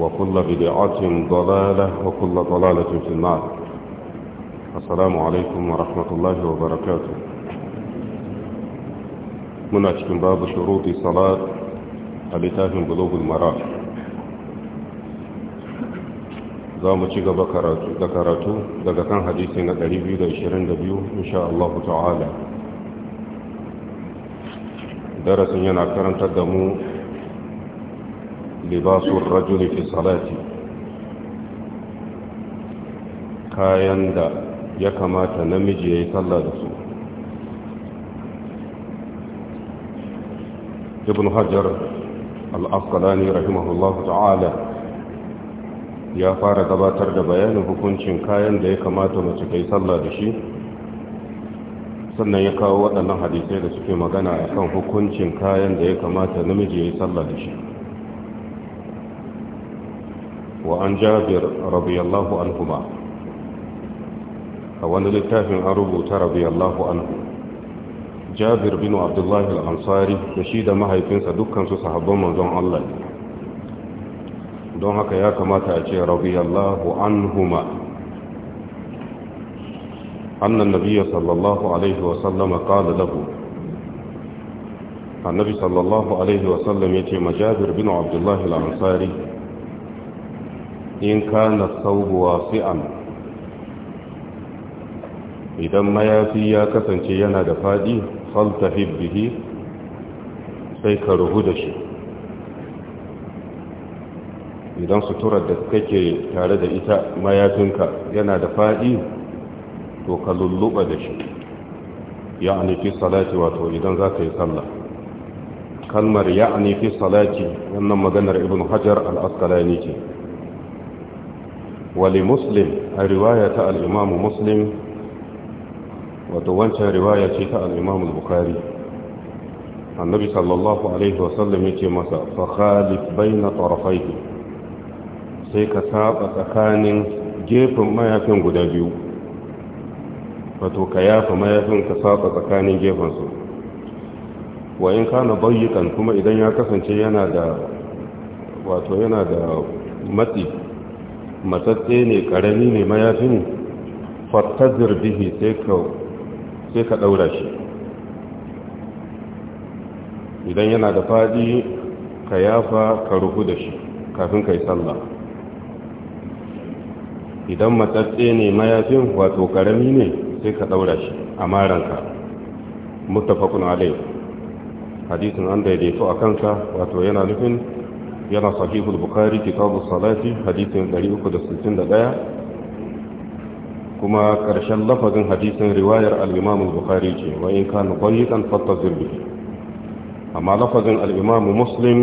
وكل بدعة ضلالة وكل ضلالة في النار السلام عليكم ورحمة الله وبركاته من أجل باب شروط صلاة الإتاف من قلوب المرأة za mu ci gaba da karatu daga kan hadisi na 222 insha Allah ta'ala darasin yana karantar da mu لباس الرجل في صلاته kayan da ya kamata namiji ya yi sallah da su ibn hajjar al'afkalani rahimahullahu ta'ala ya fara gabatar da bayanin hukuncin kayan da ya kamata mace ta yi sallah da shi sannan ya kawo waɗannan hadisai da suke magana a kan hukuncin kayan da ya kamata namiji ya yi sallah da shi وعن جابر رضي الله عنهما وانا للتافن أربوت رضي الله عنه جابر بن عبد الله الأنصاري نشيد ما هيفنسا دكان من دون الله don haka ya kamata a ce rabiyallahu anhuma annan nabiyya sallallahu alaihi wasallama qala lahu annabi sallallahu alaihi wasallam yace majabir bin abdullah al-ansari in na saubu fi'an idan mayafi ya kasance yana da fadi faltahib bihi sai ka ruhu da shi idan suturar da kake tare da ita mayafinka yana da faɗi, to ka lulluɓa da shi ya anifi salati wato idan za ka yi sallah kalmar ya anifi salati wannan maganar ibn hajar al-asqalani wali muslim a riwaya ta al'imamu muslim wato wancan riwaya ce ta al'imamu Bukhari. annabi sallallahu alaihi wasallam ya ce masa fakhalif bai na sai ka saba tsakanin gefen mayafin guda biyu wato ka yafa mayafin ka saba tsakanin gefensu wa in kana kuma idan ya kasance yana da wato yana da matsi matsatse ne karami ne mayafi ne fattazir bihi sai ka daura shi idan yana da fadi ka yafa ka ruhu da shi kafin ka yi sallah idan matsatse ne mayafin wato karami ne sai ka daura shi a maranka mutafakun alai hadisin an daidaito a kansa wato yana nufin yana sahihul bukari kitabul salati hadisin 361 kuma ƙarshen lafazin hadisin riwayar al-imam al-bukhari ce wa in kana dayiqan fattazir bihi amma lafazin al-imam muslim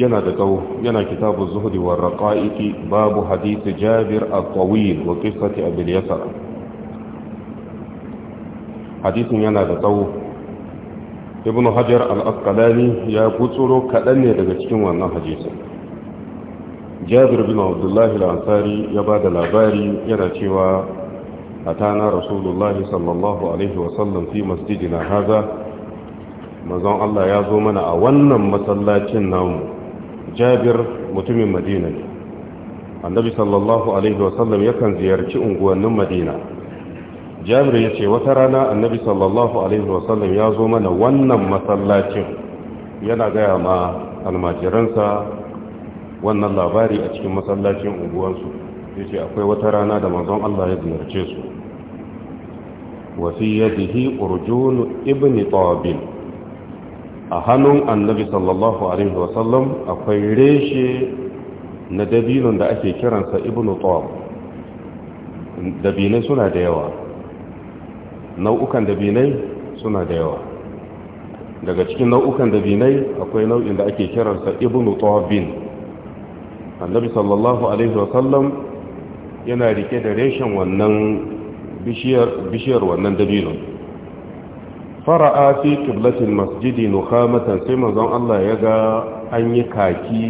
yana da tsawo yana kitabul zuhdi war raqa'iqi babu hadisi jabir al-tawil wa qissati abil yasar hadisin yana da tsawo ibn hajar al-asqalani ya gutsuro kaɗan ne daga cikin wannan hadisin jabir bin abdullahi al-ansari ya ba da labari yana cewa atana rasulullahi sallallahu alaihi wasallam fi na haza mazan Allah ya zo mana a wannan masallacin namu jabir mutumin madina annabi sallallahu alaihi wasallam yakan ziyarci unguwannin madina jabir ya ce wata rana annabi sallallahu alaihi wasallam ya zo mana wannan masallacin yana gaya ma almajiransa wannan labari a cikin masallacin unguwansu ya ce akwai wata rana da manzon Allah ya ziyarce su wafi yadihi urjun ibn tabil a hannun annabi sallallahu alaihi wasallam akwai reshe na dabinon da ake kiransa ibn tab dabinai suna da yawa nau'ukan dabinai suna da yawa daga cikin nau'ukan dabinai akwai nau'in da ake kiransa ibnu tawbin annabi sallallahu alaihi wasallam yana rike da reshen wannan bishiyar wannan dabino fara'a fi qiblatil masjidi nukhamatan sai manzon Allah ya ga an yi kaki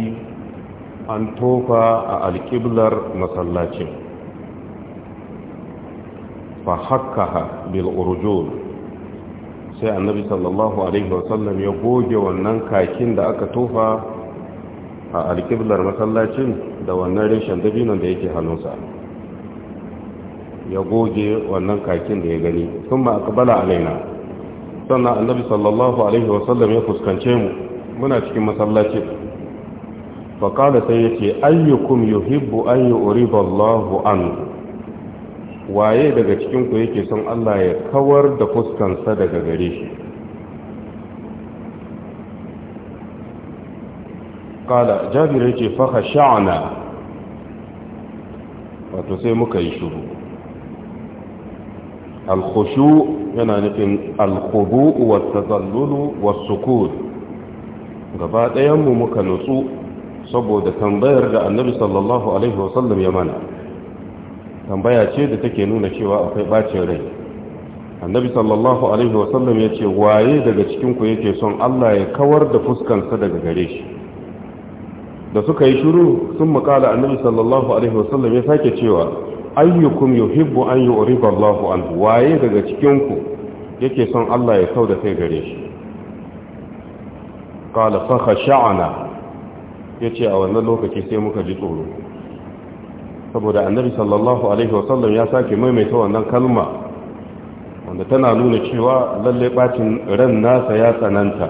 an tofa a alkiblar masallacin fa hakkaha bil urjul sai annabi sallallahu alaihi wasallam ya goge wannan kakin da aka tofa a alkiblar masallacin da wannan reshen dabinon da yake hannunsa ya goge wannan kakin da ya gani sun ma akabala alaina sannan annabi sallallahu alaihi wasallam ya fuskance mu muna cikin masallacin faƙada sai ya ce ayyukum yuhibbu an yi uriballahu anhu waye daga cikinku yake son Allah ya kawar da fuskansa daga gare shi kala jabir yake faka sha'ana wato sai muka yi shuru alkhushu yana nufin alkhubu wa tazallulu wa sukun gaba ɗayanmu muka nutsu saboda tambayar da annabi sallallahu alaihi wasallam ya mana tambaya ce da take nuna cewa akwai bacin rai annabi sallallahu alaihi wasallam ya ce waye daga cikinku yake son allah ya kawar da fuskansa daga gare shi da suka yi shiru sun makala annabi sallallahu alaihi wasallam ya sake cewa ayyukum yuhibbu an yu'riba Allahu anhu waye daga cikinku yake son Allah ya kauda kai gare shi qala fa khasha'na yace a wannan lokaci sai muka ji tsoro saboda annabi sallallahu alaihi wasallam ya sake maimaita wannan kalma wanda tana nuna cewa lalle bacin ran nasa ya tsananta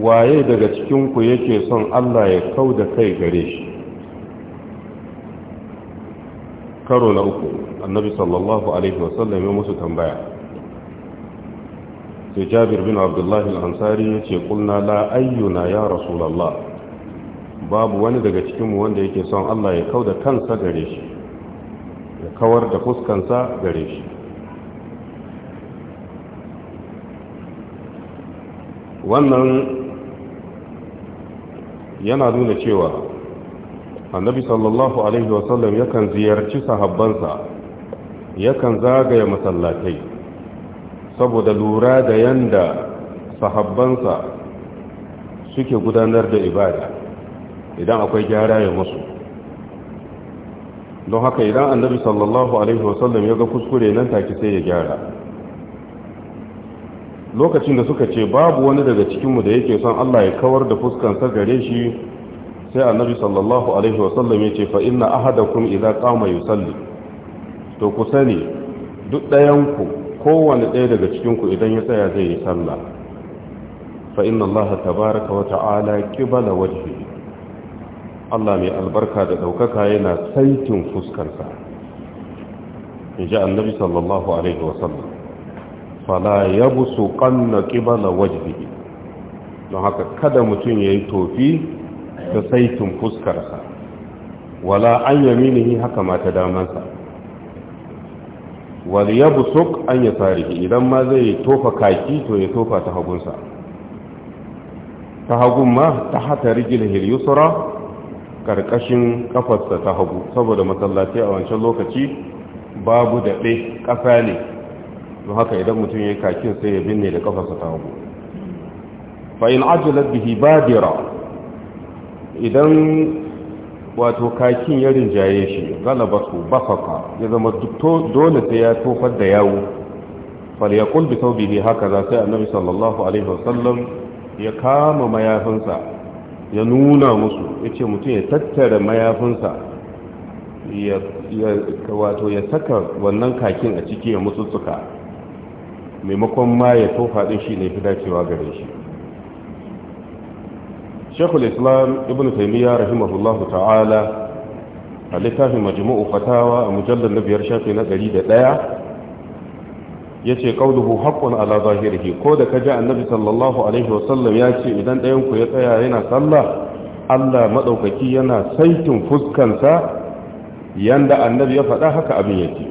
waye daga cikinku yake son Allah ya kau da kai gare shi karo na uku annabi sallallahu alaihi wasallam ya musu tambaya sai jabir bin abdullahi ansari ya ce ƙulna la ayyuna ya rasulallah babu wani daga cikinmu wanda yake son allah ya kau da kansa gare shi ya kawar da fuskansa gare shi wannan yana nuna cewa annabi sallallahu alaihi wasallam yakan ziyarci sahabbansa yakan zagaya masallatai saboda lura da yanda sahabbansa suke gudanar da ibada idan akwai gyara ya musu don haka idan annabi sallallahu alaihi wasallam ya ga kuskure nan take sai ya gyara lokacin da suka ce babu wani daga cikinmu da yake son Allah ya kawar da fuskan sa gare shi sai annabi sallallahu alaihi wasallam ya ce fa inna ahadakum idza qama yusalli to ku sani duk ku kowane ɗaya daga cikinku idan ya tsaya zai yi sallah fa inna tabaraka wa ta'ala qibala wajhi Allah mai albarka da ɗaukaka yana saitin fuskarsa ji annabi sallallahu alaihi wa sallam fala yabsu qanna qibala wajhi don haka kada mutum yayi tofi ta saitin fuskarsa wala an yaminihi haka ma ta damansa wal yabsuq an ya yasarihi idan ma zai tofa kaki to ya tofa ta hagunsa ta hagun ma ta hata rigila hiryusura ƙarƙashin ƙafarsa ta hagu saboda masallaci a wancan lokaci babu daɗe ƙasa ne don haka idan mutum ya yi kakin sai ya binne da ƙafarsa ta hagu fa'in ajiyar bihi dira idan wato kakin ya rinjaye shi galaba su bafaka ya zama dole sai ya tofar da yawo ya falyakul bi bihi haka za sai annabi sallallahu alaihi wasallam ya kama mayafinsa ya nuna musu ya ce mutum ya tattara mayafinsa wato ya saka wannan kakin a ciki ya suka maimakon ma ya tofa ɗin shi ne fi dacewa gare shi shekul islam ibn taimiyya rahimahullahu ta'ala a littafin majmu'u fatawa a mujallar na biyar shafi na ɗari da ɗaya ya ce ƙauluhu haƙƙun ala zahirihi ko da ka ji annabi sallallahu alaihi wasallam ya ce idan ɗayanku ya tsaya yana sallah allah maɗaukaki yana saitin fuskansa yanda annabi ya faɗa haka abin yake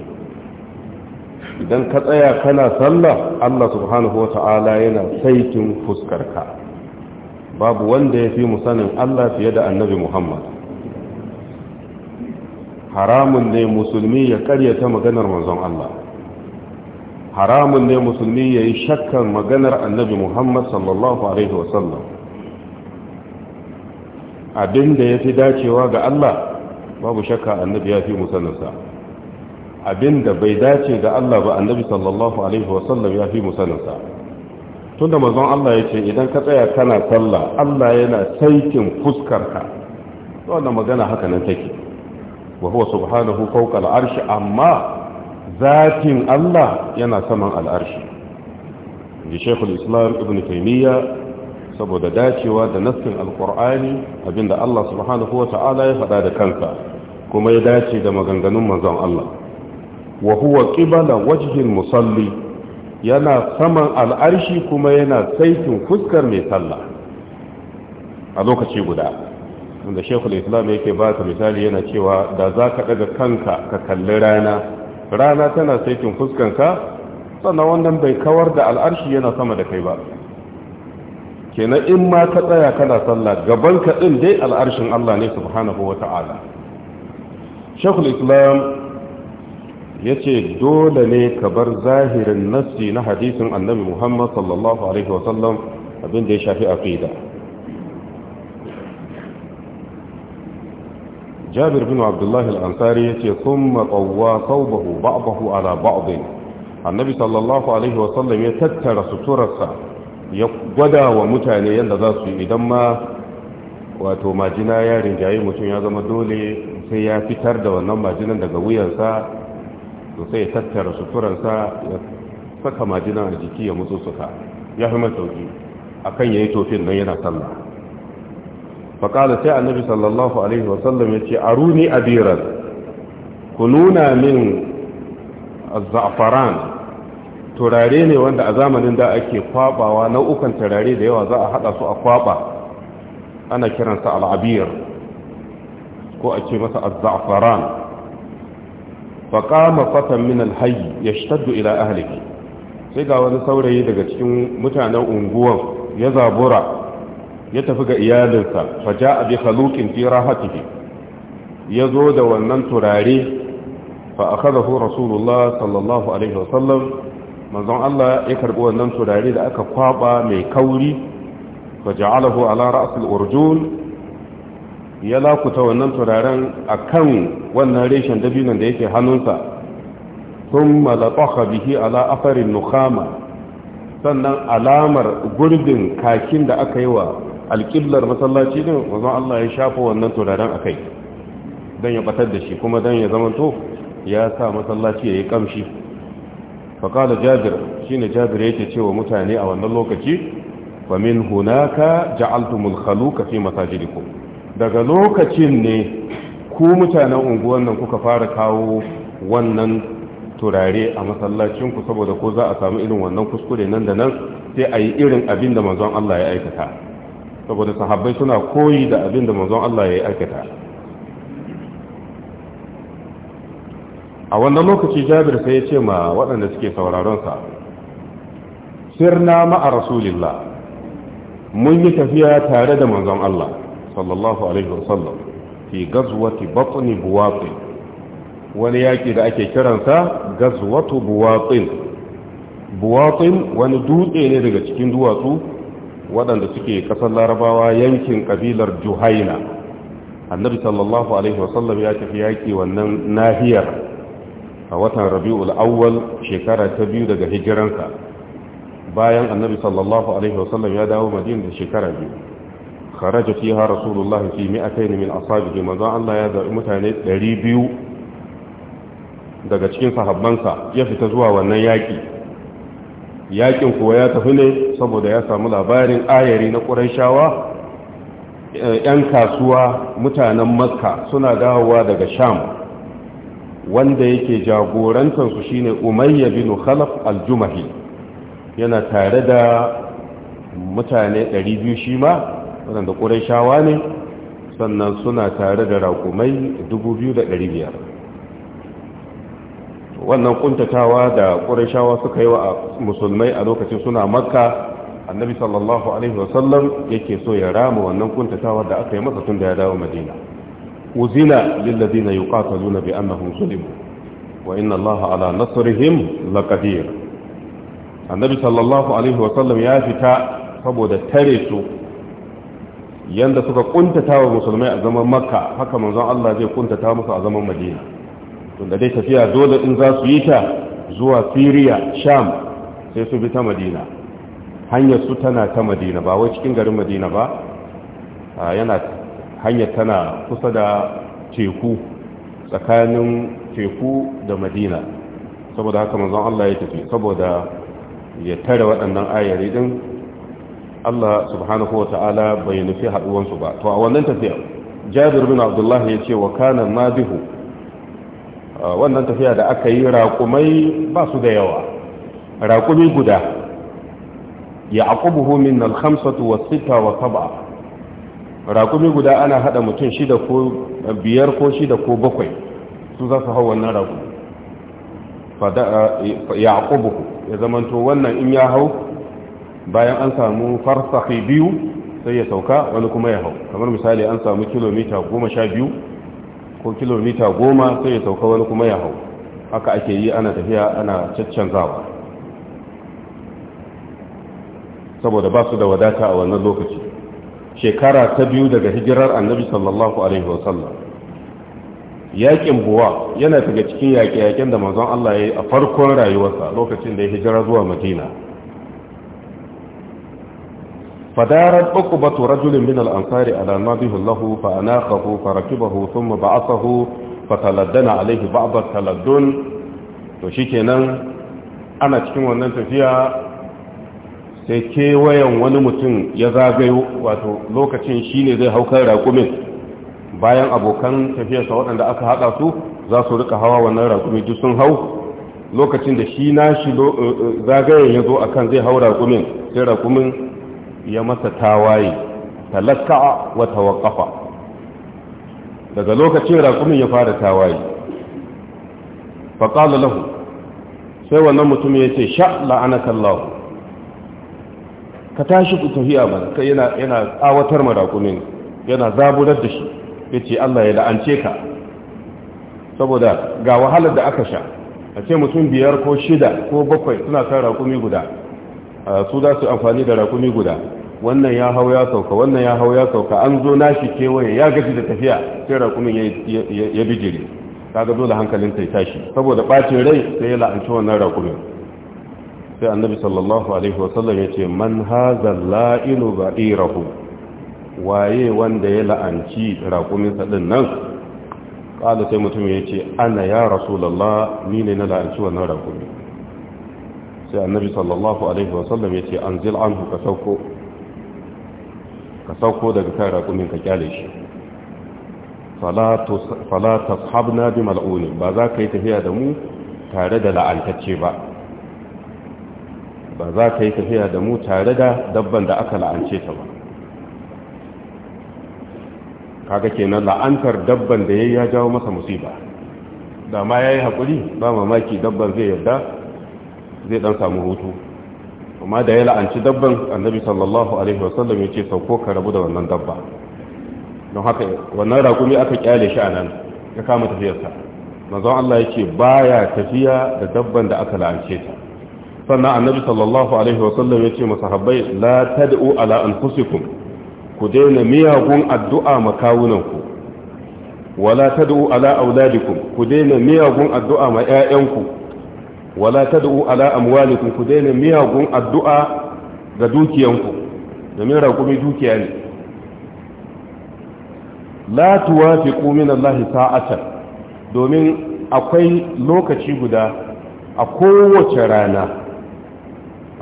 idan ka tsaya kana sallah allah subhanahu wa ta'ala yana saitin fuskar ka. babu wanda ya fi mu sanin Allah fiye da annabi Muhammad haramun ne musulmi ya karyata maganar manzon Allah haramun ne musulmi ya yi shakkan maganar annabi Muhammad sallallahu Alaihi wasallam abinda ya fi dacewa ga Allah babu shakka annabi ya fi musaninsa abinda bai dace ga Allah ba annabi sallallahu Alaihi wasallam ya fi musaninsa tunda mazan Allah ya ce idan ka tsaya kana sallah Allah yana saikin fuskarka wannan magana haka nan take wa huwa subhanahu fawqa al amma zatin Allah yana saman al'arshi ji shekul islam ibn taimiyya saboda dacewa da nassin alkur'ani abinda Allah subhanahu wa ta'ala ya faɗa da kansa kuma ya dace da maganganun manzon Allah wa huwa qibala musalli yana saman al'arshi kuma yana saitin fuskar mai sallah a lokaci guda wanda shekul islam yake ba ta misali yana cewa da za ka daga kanka ka kalli rana rana tana saitin fuskanka sannan wannan bai kawar da al'arshi yana sama da kai ba kenan in ma ka tsaya kana sallah gaban ka din dai al'arshin Allah ne subhanahu wata'ala shekul islam ya ce dole ne ka bar zahirin nassi na hadisin annabi muhammad sallallahu alaihi wasallam abinda ya shafi aqida jabir bin abdullah al-ansari yace thumma qawwa thawbahu ba'dahu ala ba'd annabi sallallahu alaihi wasallam ya tattara suturarsa ya gwada wa mutane yadda za su yi idan ma wato majina ya rinjaye mutum ya zama dole sai ya fitar da wannan majinan daga wuyansa to sai ya tattara suturansa ya saka majina a jiki ya mutsutsuka ya fi masauki a kan ya yi tofin don yana sallah faƙala sai annabi sallallahu alaihi wasallam ya ce a runi abiran ku nuna min za'afaran turare ne wanda a zamanin da ake kwabawa nau'ukan turare da yawa za a haɗa su a kwaba ana kiransa al'abiyar. ko a ce masa azza'afaran faƙama fatan min alhayi ya shaddu ila ahaliki sai ga wani saurayi daga cikin mutanen unguwan ya zabura ya tafi ga iyalinsa faja a bi halukin fi rahatihi ya zo da wannan turare fa akhadahu rasulullah sallallahu alaihi wasallam manzon Allah ya karbi wannan turare da aka kwaba mai kauri fa alahu ala ra'asul urjun ya lakuta wannan turaren a kan wannan reshen dabinan da yake hannunsa sun malatsaka bihi ala afarin nukama sannan alamar gurbin kakin da aka yi wa alƙiblar masallaci ne wazan Allah ya shafa wannan turaren a kai don ya batar da shi kuma don ya to ya sa masallaci ya yi ƙamshi faƙala jabir shi ne jabir yake ce wa mutane a wannan lokaci wa min hunaka ja'altumul khaluka fi masajidikum daga lokacin ne ku mutanen unguwan nan kuka fara kawo wannan turare a masallacinku saboda ko za a samu irin wannan kuskure nan da nan sai a yi irin abin da manzon Allah ya aikata saboda sahabbai suna koyi da abin da manzon Allah ya aikata a wannan lokaci jabir sai ya ce ma waɗanda suke sa, sirna ma'a rasulillah mun yi tafiya tare da manzon Allah sallallahu alaihi wasallam fi gazwati batni buwatin wani yaki da ake kiransa gazwatu buwatin buwatin wani dutse ne daga cikin duwatsu waɗanda suke ƙasar larabawa yankin ƙabilar juhaina annabi sallallahu alaihi wasallam ya tafi yaki wannan nahiyar a watan rabi'ul awwal shekara ta biyu daga hijiransa bayan annabi sallallahu alaihi wasallam ya dawo madina da shekara biyu kharaja fiha rasulullahi fi mi'atayn min ashabihi manzo Allah ya zabi mutane 200 daga cikin sahabbanka ya fita zuwa wannan yaƙi. yakin kuwa ya tafi ne saboda ya samu labarin ayari na qurayshawa yan kasuwa mutanen makka suna dawowa daga sham wanda yake jagorantarsu shine umayya bin khalaf aljumahi yana tare da mutane 200 shi ma waɗanda shawa ne sannan suna tare da raƙumai 2,500 wannan ƙuntatawa da shawa suka yi wa musulmai a lokacin suna makka annabi sallallahu alaihi wasallam yake so ya rama wannan ƙuntatawar da aka yi masa tun da ya dawo madina uzina lillazina yuqataluna bi annahum zulimu wa inna allaha ala nasrihim laqadir annabi sallallahu alaihi wasallam ya fita saboda tare su yanda suka kuntata wa musulmai a zaman makka haka manzon Allah zai kuntata musu a zaman madina tunda dai tafiya dole in za su yi ta zuwa siriya sham sai su bi ta madina hanyar su tana ta madina ba wai cikin garin madina ba yana hanyar tana kusa da teku tsakanin teku da madina saboda haka manzon Allah ya tafi saboda ya tare waɗannan ayyari din Allah subhanahu wa ta'ala bai nufi haduwansu ba to a wannan tafiya jabir bin abdullah ya ce wa kana nadihu wannan tafiya da aka yi raƙumai ba su da yawa raƙumi guda ya aqubuhu min al-khamsatu wa sita wa sab'a raƙumi guda ana haɗa mutum shida ko biyar ko shida ko bakwai su za su hau wannan raƙumi ya eh, aqubuhu ya zamanto wannan in ya hau bayan an samu farsahi biyu sai ya sauka wani kuma ya hau kamar misali an samu kilomita goma sha biyu ko kilomita goma sai ya sauka wani kuma ya hau haka ake yi ana tafiya ana caccanzawa saboda ba su da wadata a wannan lokaci shekara ta biyu daga hijirar annabi sallallahu alaihi wasallam yakin buwa yana daga cikin yaƙe-yaƙen da manzon Allah ya yi a farkon rayuwarsa lokacin da ya hijira zuwa madina فدارت عقبة رجل من الأنصار على نبيه الله فأناقه فركبه ثم بعثه فتلدن عليه بعض التلدن وشيكنا أنا تكون وننت فيها sai kewayen wani mutum ya zagayo wato lokacin shine zai haukar bayan abokan tafiya sa waɗanda aka haɗa su za su rika hawa wannan raƙumin duk sun hau lokacin da shi nashi zagayen ya zo akan zai hau raƙumin sai raƙumin ya masa tawaye talaka wa tawaqqafa daga lokacin raƙumin ya fara tawaye fa qala lahu sai wannan mutum ya ce sha la'anaka Allah ka tashi ku tafiya ba kai yana yana tsawatar ma raƙumin yana zaburar da shi yace Allah ya la'ance ka saboda ga wahalar da aka sha a ce mutum biyar ko shida ko bakwai suna kan raƙumi guda su za su amfani da rakumi guda wannan ya hau ya sauka wannan ya hau ya sauka an zo nashi kewaye ya gaji da tafiya sai rakumin ya bijiri kaga dole hankalin ta tashi saboda bacin rai sai ya la'anci wannan rakumin sai annabi sallallahu alaihi wasallam ya ce man haza la'inu ba'irahu waye wanda ya la'anci rakumin sa din nan kada sai mutum ya ce ana ya rasulullah ni ne na la'anci wannan rakumin sai annabi sallallahu alaihi wasallam ya ce an zil anhu ka sauko ka sauko daga kan raƙumin ka kyale shi fala tashabna bi mal'unin ba za ka yi tafiya da mu tare da la'antacce ba ba za ka yi tafiya da mu tare da dabban da aka la'ance ta ba kaga kenan la'antar dabban da yayi ya jawo masa musiba da ma yi hakuri ba mamaki dabban zai yarda zai dan samu hutu amma da ya la'anci dabban annabi sallallahu alaihi wasallam ya ce sauko ka rabu da wannan dabba don haka wannan raƙumi aka kyale shi a nan ya kama tafiyarsa manzon Allah ya ce baya tafiya da dabban da aka la'ance ta sannan annabi sallallahu alaihi wasallam ya ce masahabbai la tad'u ala anfusikum ku daina miyagun addu'a makawunanku wala tad'u ala auladikum ku daina miyagun addu'a ma 'ya'yanku wala tad'u ala amwalikum ku daina miyagun addu'a ga dukiyanku domin raƙumi dukiya ne la tuwafiqu min Allah sa'atan domin akwai lokaci guda a kowace rana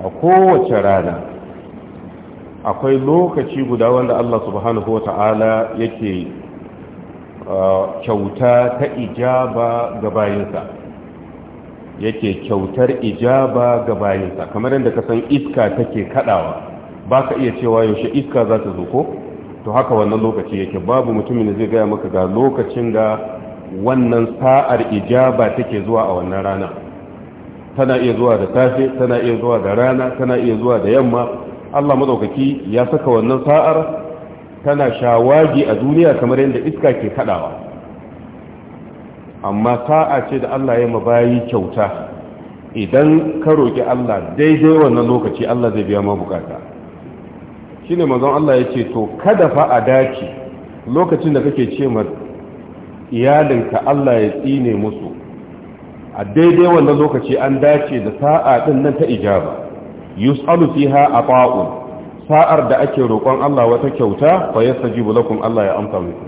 a kowace rana akwai lokaci guda wanda Allah subhanahu wa ta'ala yake uh, kyauta ta ijaba ga bayinsa yake kyautar ijaba ga bayinsa kamar yadda ka san iska take kadawa ba ka iya cewa yaushe iska za ta zo ko to haka wannan lokaci yake babu mutumin da zai gaya maka ga lokacin da wannan sa'ar ijaba take zuwa a wannan rana tana iya zuwa da safe tana iya zuwa da rana tana iya zuwa da yamma Allah madaukaki ya saka wannan sa'ar tana shawagi a duniya kamar yadda iska ke kadawa amma sa'a ce da Allah ya bayi kyauta idan ka roƙi Allah daidai wannan lokaci Allah zai biya ma bukata ne mazan Allah ya ce to kada fa a dace lokacin da kake ce ma iyalinka Allah ya tsine musu a daidai wannan lokaci an dace da sa'a din nan ta ijaba yus'alu fiha ata'un sa'ar da ake roƙon Allah wata kyauta fa yastajibu lakum Allah ya amsa muku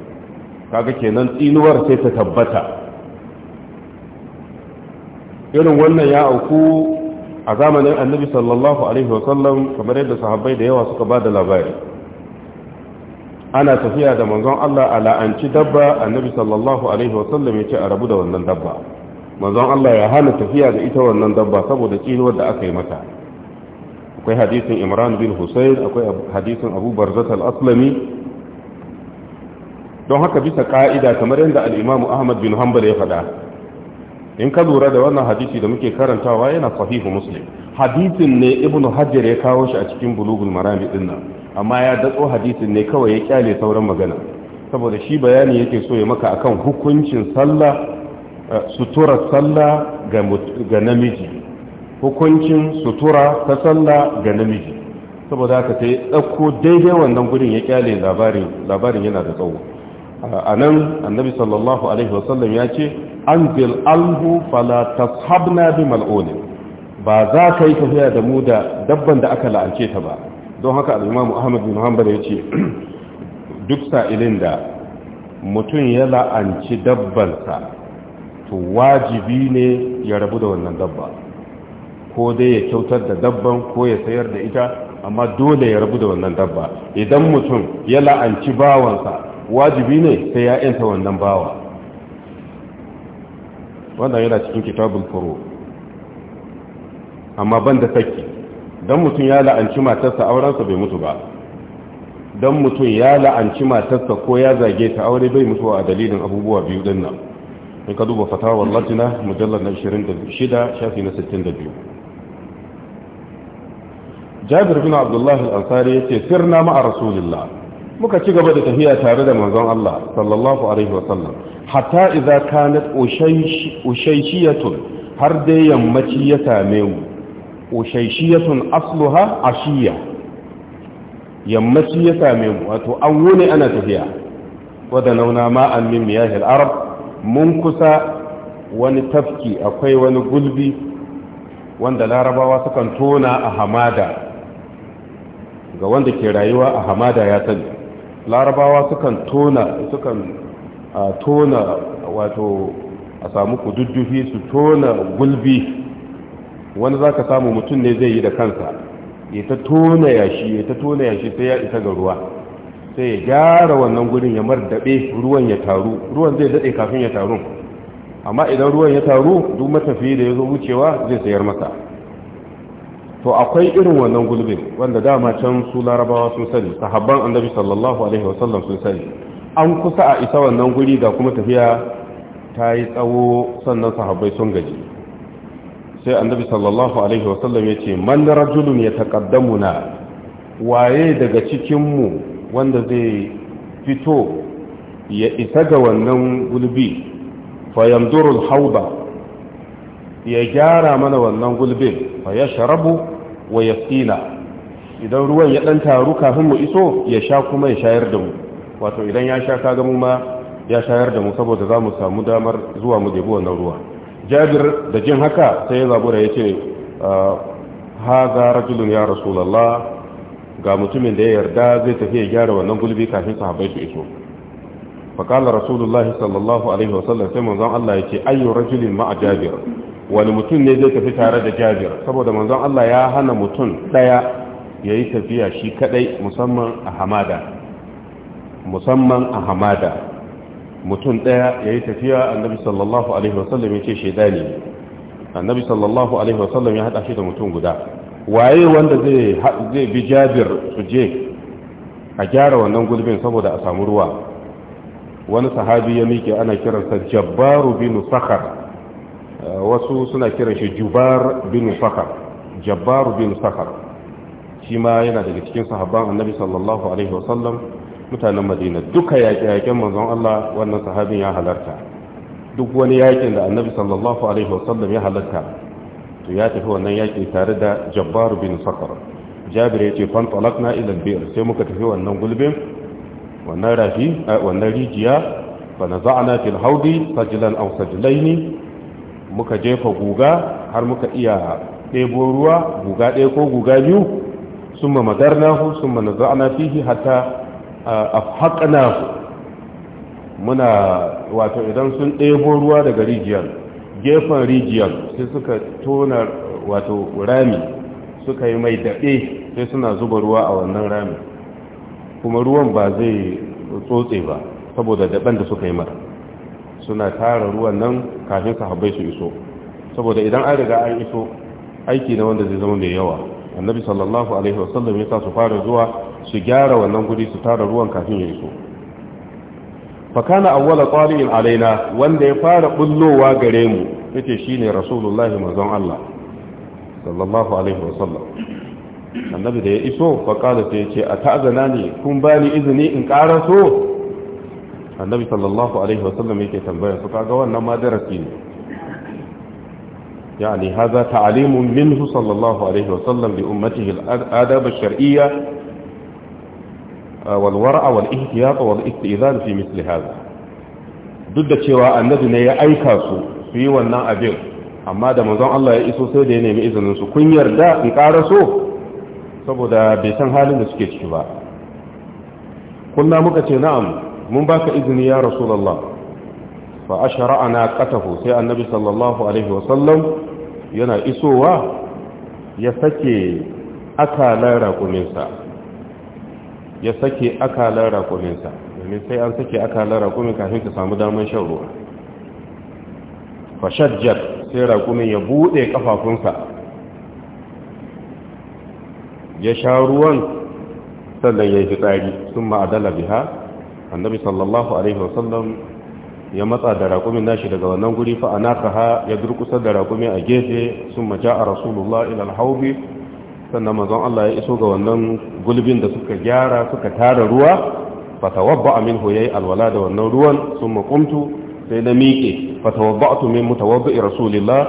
kaga kenan tsinuwar sai ta tabbata irin wannan ya auku a zamanin annabi sallallahu alaihi wasallam kamar yadda sahabbai da yawa suka ba da labari ana tafiya da manzon Allah a la'anci dabba annabi sallallahu alaihi wasallam ya ce a rabu da wannan dabba manzon Allah ya hana tafiya da ita wannan dabba saboda tsinuwar da aka yi mata akwai hadisin imran bin husayn akwai hadisin abu barzat al-aslami don haka bisa ka'ida kamar yadda al-imamu ahmad bin hanbal ya faɗa in ka lura da wannan hadisi da muke karantawa yana sahihu muslim hadisin ne ibn hajjar ya kawo shi a cikin bulugul marami din amma ya datso hadisin ne kawai ya kyale sauran magana saboda shi bayani yake so ya maka akan hukuncin sallah eh, sutura sallah ga namiji hukuncin sutura ta sallah ga namiji saboda haka sai dauko daidai wannan gurin ya kyale labarin labarin yana da tsawo a nan annabi sallallahu alaihi wasallam ya ce anzil alhu fala tashabna bi ba za ka yi tafiya da mu da dabban da aka la'ance ta ba don haka al'imamu ahmad bin hanbal ya ce duk sa'ilin da mutum ya la'anci dabbansa to wajibi ne ya rabu da wannan dabba ko dai ya kyautar da dabban ko ya sayar da ita amma dole ya rabu da wannan dabba idan mutum ya la'anci bawansa wajibi ne sai ya yanta wannan bawa wannan yana cikin kitabul furu amma ban da saki don mutum ya la'anci matarsa aurensa bai mutu ba don mutum ya la'anci matarsa ko ya zage ta aure bai mutuwa a dalilin abubuwa biyu din nan in ka duba fatawar latina mujallar na 26 shafi na 62 jabir bin abdullahi al'ansari ya ce sirna ma'a rasulillah muka ci gaba da tafiya tare da manzon Allah sallallahu alaihi wasallam hatta idza kanat har dai yammaci ya same mu ushaishiyatun asluha ashiya yammaci ya same mu wato an wune ana tafiya wada ma ma'an min miyahil arab mun kusa wani tafki akwai wani gulbi wanda larabawa sukan tona a hamada ga wanda ke rayuwa a hamada ya sani larabawa sukan tona sukan tona wato a samu kududdufi su tona gulbi wani za ka samu mutum ne zai yi da kansa ya ta tona yashi ya ta tona yashi sai ya isa ga ruwa sai ya gyara wannan gudun ya mardaɓe ruwan ya taru ruwan zai daɗe kafin ya taru amma idan ruwan ya taru duk matafiya da ya zo wucewa zai sayar masa to akwai irin wannan gulbin wanda dama can su larabawa sun sani sahabban annabi sallallahu alaihi wasallam sun sani an kusa a isa wannan guri ga kuma tafiya ta yi tsawo sannan sahabbai sun gaji sai annabi sallallahu alaihi wasallam ya ce man rajulun ya taqaddamuna waye daga cikin mu wanda zai fito ya isa ga wannan gulbi fayamdurul hauba ya gyara mana wannan gulbin fa wa yasqina idan ruwan ya dan taru kafin mu iso ya sha kuma ya shayar da mu wato idan ya sha kaga mu ma ya shayar da mu saboda za mu samu damar zuwa mu debi wannan ruwa jabir da jin haka sai ya zabura ya ce ah, haza rajulun ya rasulallah ga mutumin da ya yarda zai tafi ya gyara wannan gulbi kafin sahabbai su iso faƙalar rasulullahi sallallahu alaihi wasallam sai manzon Allah yake ce ayyu rajulin ma'a jabir wani mutum ne zai tafi tare da jabir saboda manzon Allah ya hana mutum daya ya yi tafiya shi kadai musamman a hamada musamman a hamada mutum daya ya yi tafiya annabi sallallahu alaihi wasallam ya ce ne annabi sallallahu alaihi wasallam ya hada shi da mutum guda waye wanda zai zai bi jabir su je a gyara wannan gulbin saboda a samu ruwa wani sahabi ya miƙe ana kiransa jabbaru bin sakhar wasu suna kiran shi jubar bin sakar jabaru bin sakar shi ma yana daga cikin sahabban annabi sallallahu alaihi wasallam mutanen madina duka yaƙe-yaƙen manzon Allah wannan sahabin ya halarta duk wani yaƙin da annabi sallallahu alaihi wasallam ya halarta to ya tafi wannan yaƙi tare da jabbaru bin sakar jabir ya ce fan talakna ila bir sai muka tafi wannan gulbin wannan rafi eh, wannan rijiya fa naza'na fil haudi sajlan aw sajlaini muka jefa guga har muka iya ɗebo ruwa guga ɗaya ko guga biyu sun ma madarnahu sun ma ana fihi hatta afhaqnahu muna wato idan sun ɗebo ruwa daga rijiyar gefen rijiyar sai suka tona wato rami suka yi mai daɗe sai suna zuba ruwa a wannan rami kuma ruwan ba zai tsotse ba saboda daɓen da suka yi mara suna tara ruwan nan kafin sahabbai su iso saboda idan an riga an iso aiki na wanda zai zama mai yawa annabi sallallahu alaihi wasallam ya sa su fara zuwa su gyara wannan guri su tara ruwan kafin ya iso fa kana awwala qari'in alaina wanda ya fara bullowa gare mu yace shine rasulullahi manzon Allah sallallahu alaihi wasallam annabi da ya iso fa kala sai yace ata'zana ni kun bani izini in karaso annabi sallallahu alaihi wasallam yake tambaya su kaga wannan ma darasi ne yani hadha ta'limun minhu sallallahu alaihi wasallam li ummatihi al-adab ash-shar'iyya uh, wal wara' wal ihtiyat wal istizan fi misli hadha duk da cewa annabi ne ya aika su su yi wannan abin amma da manzon Allah ya iso sai da ya nemi izinin su kun yarda in karaso saboda bai san halin da suke ciki ba kunna muka ce na'am mun baka izini ya rasulullah fa na qatahu sai annabi sallallahu alaihi wasallam yana isowa ya sake akalar raƙuminsa ya sake akalar raƙuminsa domin sai an sake akalar raƙumin kafin ta samu damar shan ruwa fashajjar sai rakumin ya buɗe kafafunsa. ya sha ruwan sannan ya yi fitsari sun ma'adala biha annabi sallallahu alaihi wasallam ya matsa da raƙumin nashi daga wannan guri fa ha ya durkusa da raƙumi a gefe sun maja a rasulullah ilal haubi sannan mazan Allah ya iso ga wannan gulbin da suka gyara suka tara ruwa fatawabba ya yi alwala da wannan ruwan sun maƙumtu sai na miƙe fatawabba'tu min mutawabba'i rasulillah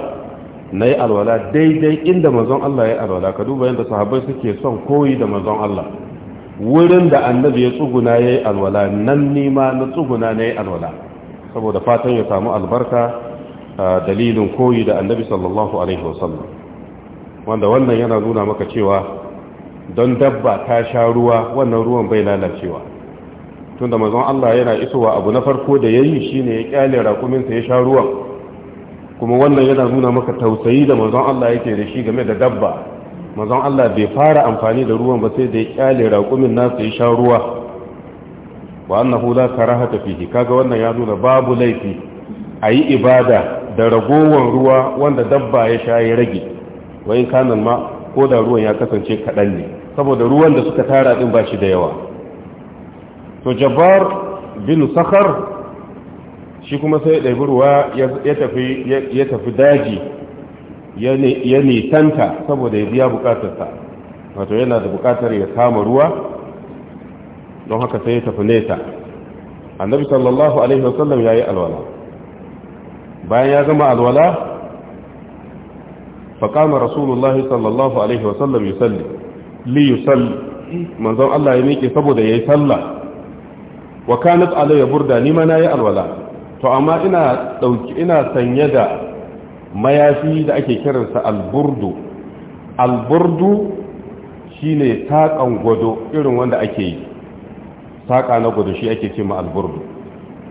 na yi alwala daidai inda mazan Allah ya yi alwala ka duba yadda sahabbai suke son koyi da mazan Allah wurin da annabi ya tsuguna ya yi alwala nan nima na tsuguna na yi alwala saboda fatan ya samu albarka dalilin koyi da annabi sallallahu alaihi wasallam wanda wannan yana nuna maka cewa don dabba ta sha ruwa wannan ruwan bai lalacewa tunda mazan Allah yana isowa abu na farko da ya yi shi ne ya kyale rakuminsa ya sha ruwan kuma wannan yana nuna maka tausayi da mazan Allah yake da shi game da dabba mazan Allah bai fara amfani da ruwan ba sai da ya kyale raƙumin nasa ya sha ruwa wa annahu la karahata fihi kaga wannan ya nuna babu laifi a yi ibada da ragowar ruwa wanda dabba ya sha ya rage wa in kana ma ko da ruwan ya kasance kaɗan ne saboda ruwan da suka tara din ba shi da yawa to jabbar bin sakhar shi kuma sai ya ɗabi ruwa ya tafi daji ya nitanta saboda ya biya bukatarsa wato yana da bukatar ya kama ruwa don haka sai ya tafi nesa annabi sallallahu alaihi wasallam ya yi alwala bayan ya zama alwala faƙama rasulullah sallallahu alaihi wasallam ya salli li yi salli manzon Allah ya miƙe saboda ya yi salla wa kanat alayya burda ni ma na yi alwala to amma ina sanye da mayafi da ake kiransa alburdu alburdu shine taƙan gwado irin wanda ake yi saƙa na gwado shi ake ce alburdu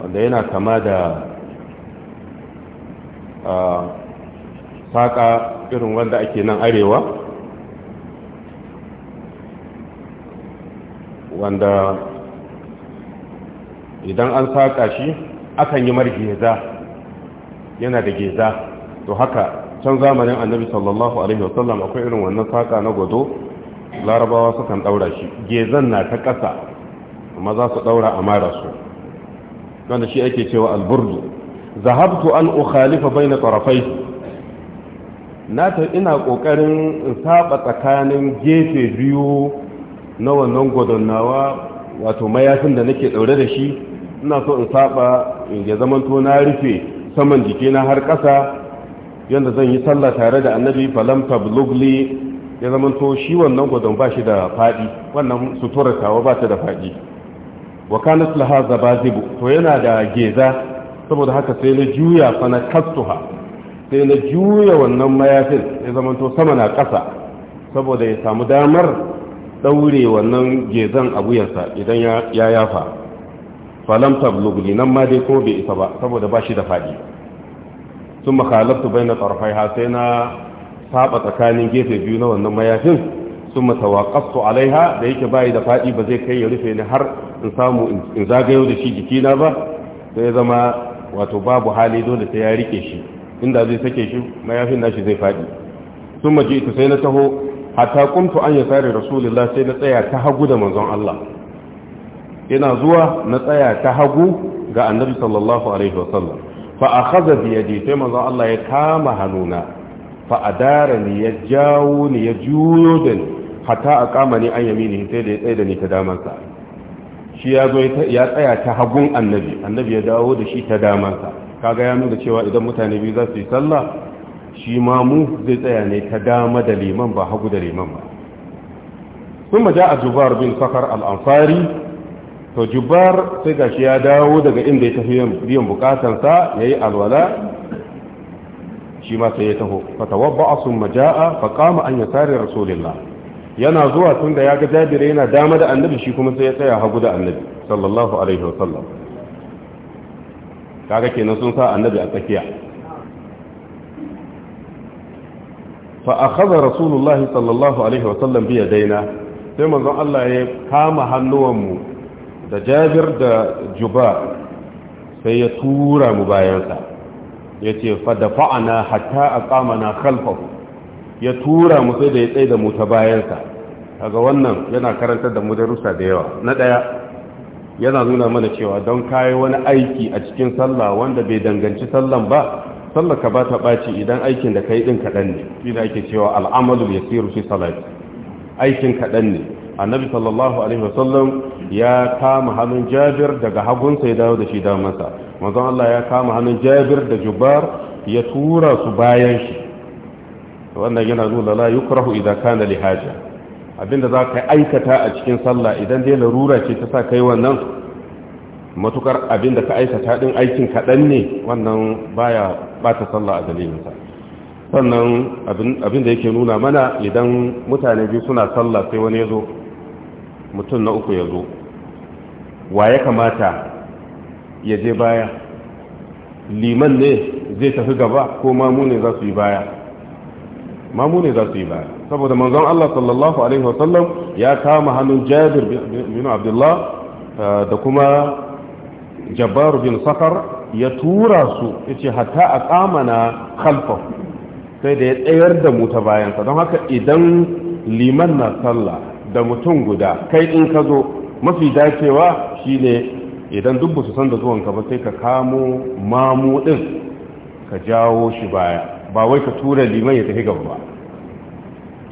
wanda yana kama da saƙa irin wanda ake nan arewa wanda idan an saƙa shi akan yi margeza yana da geza to haka can zamanin annabi sallallahu alaihi wasallam akwai irin wannan saka na gwado larabawa sukan daura shi gezan na ta ƙasa amma za su daura a mara su wanda shi ake cewa alburdu zahabtu an ukhalifa baina tarafai na ta ina kokarin in saba tsakanin gefe biyu na wannan gwadonnawa wato mayafin da nake daure da shi ina so in saba ya zamanto na rufe saman jikina har ƙasa yanda zan yi sallah tare da annabi falam tablugli ya to shi wannan gudun ba shi da faɗi wannan suturar tawa ba ta da faɗi wa kanat laha zabazibu to yana da geza saboda haka sai na juya fa na kastuha sai na juya wannan mayafin ya zamanto sama na ƙasa saboda ya samu damar daure wannan gezan a wuyansa idan ya yafa falam tablugli nan ma dai ko bai isa ba saboda ba shi da faɗi sun makalabtu bai na tsarfai ha sai na saba tsakanin gefe biyu na wannan mayafin sun matawaƙastu alaiha da yake bayi da faɗi ba zai kai ya rufe ni har in samu in zagayo da shi jikina ba sai ya zama wato babu hali dole sai ya rike shi inda zai sake shi mayafin nashi zai faɗi sun maji ita sai na taho hatta kuntu an ya sare rasulullah sai na tsaya ta hagu da manzon Allah Ina zuwa na tsaya ta hagu ga annabi sallallahu alaihi wasallam fa akhadha bi yadi sai Allah ya kama hannuna fa ne, ya jawo ni ya juyo da ni hatta kama ni an yamini sai da ya tsaye da ni ta damansa shi ya zo ya tsaya ta hagun annabi annabi ya dawo da shi ta damansa kaga ya nuna cewa idan mutane biyu za su yi sallah shi ma mu zai tsaya ne ta dama da liman ba hagu da liman ba maja a jubar bin صخر al'amfari to jubar sai gashi ya dawo daga inda ya tafi biyan bukatansa ya yi alwala shi ma sai ya taho fatawabba a sun maja'a fa kama an yasari rasulillah yana zuwa tun da ya ga jabir yana dama da annabi shi kuma sai ya tsaya hagu da annabi sallallahu alaihi wa sallam kaga kenan sun sa annabi a tsakiya fa akhadha rasulullahi sallallahu alaihi wa sallam bi yadaina sai manzon Allah ya kama hannuwanmu da jabir da juba sai ya tura mu bayansa ya ce fadafa'ana hatta a kamana kalfafu ya tura mu sai da ya tsaye da mu ta bayansa daga wannan yana karantar da mu da yawa na ɗaya yana nuna mana cewa don kayi wani aiki a cikin sallah wanda bai danganci sallan ba sallah ka ba ta ɓaci idan aikin da ka yi ɗin kaɗan ne shi da ake cewa al'amalu ya siru salati aikin kaɗan ne annabi sallallahu alaihi wasallam ya kama hannun jabir daga hagunsa ya dawo da shi damansa manzon Allah ya kama hannun jabir da jubar ya tura su bayan shi wannan yana nuna la yukrahu idan kana li haja abinda za ka aikata a cikin sallah idan dai larura ce ta sa kai wannan matukar abinda ka aikata din aikin kaɗan ne wannan baya bata sallah a dalilinsa sannan abinda yake nuna mana idan mutane biyu suna sallah sai wani ya zo mutum na uku ya zo wa ya kamata ya je baya liman ne zai tafi gaba ko mamu ne za su yi baya mamu ne za su yi baya saboda manzon Allah sallallahu alaihi wasallam ya kama hannun Jabir bin Abdullah uh, da kuma Jabbar bin Sakar ya tura su yace hatta a kamana kalfa sai da ya tsayar da mu ta bayansa don haka idan liman na sallah da mutum guda kai in ka zo mafi dacewa shine idan duk ba su san da zuwanka ba sai ka kamo mamu din ka jawo shi baya ba wai ka tura liman ya tafi gaba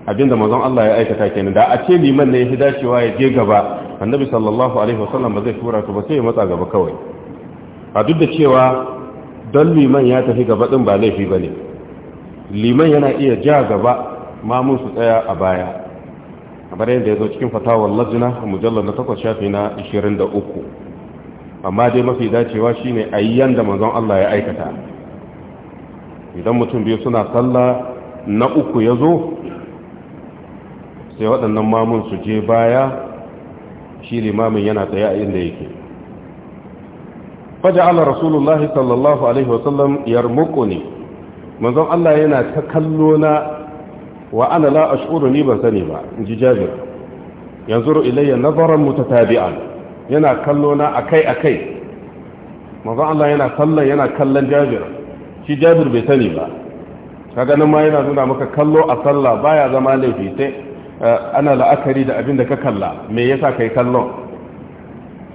abinda mazan Allah ya aikata kenan da a ce liman ne ya fi dacewa ya je gaba annabi sallallahu alaihi wasallam ba zai tura su ba sai ya matsa gaba kawai a duk da cewa don liman ya tafi gaba din ba laifi bane liman yana iya ja gaba mamun su tsaya a baya kamar yadda ya zo cikin fatawar lajina mujallar na takwas shafi na 23 amma dai mafi dacewa shine yi da manzon Allah ya aikata idan mutum biyu suna sallah na uku ya zo sai waɗannan mamun su je baya shi limamin yana tsaye a inda yake ala rasulullahi sallallahu alaihi wasallam ne manzon Allah yana ta kallo na wa ana la ashuru ni ban sani ba in ji jabir yanzuru ilayya nazaran mutatabi'an yana kallo na akai akai manzo Allah yana kallon yana kallon jabir shi jabir bai sani ba kaga nan ma yana nuna maka kallo a sallah baya zama laifi sai eh, ana la'akari da abin da ka kalla me yasa kai kallo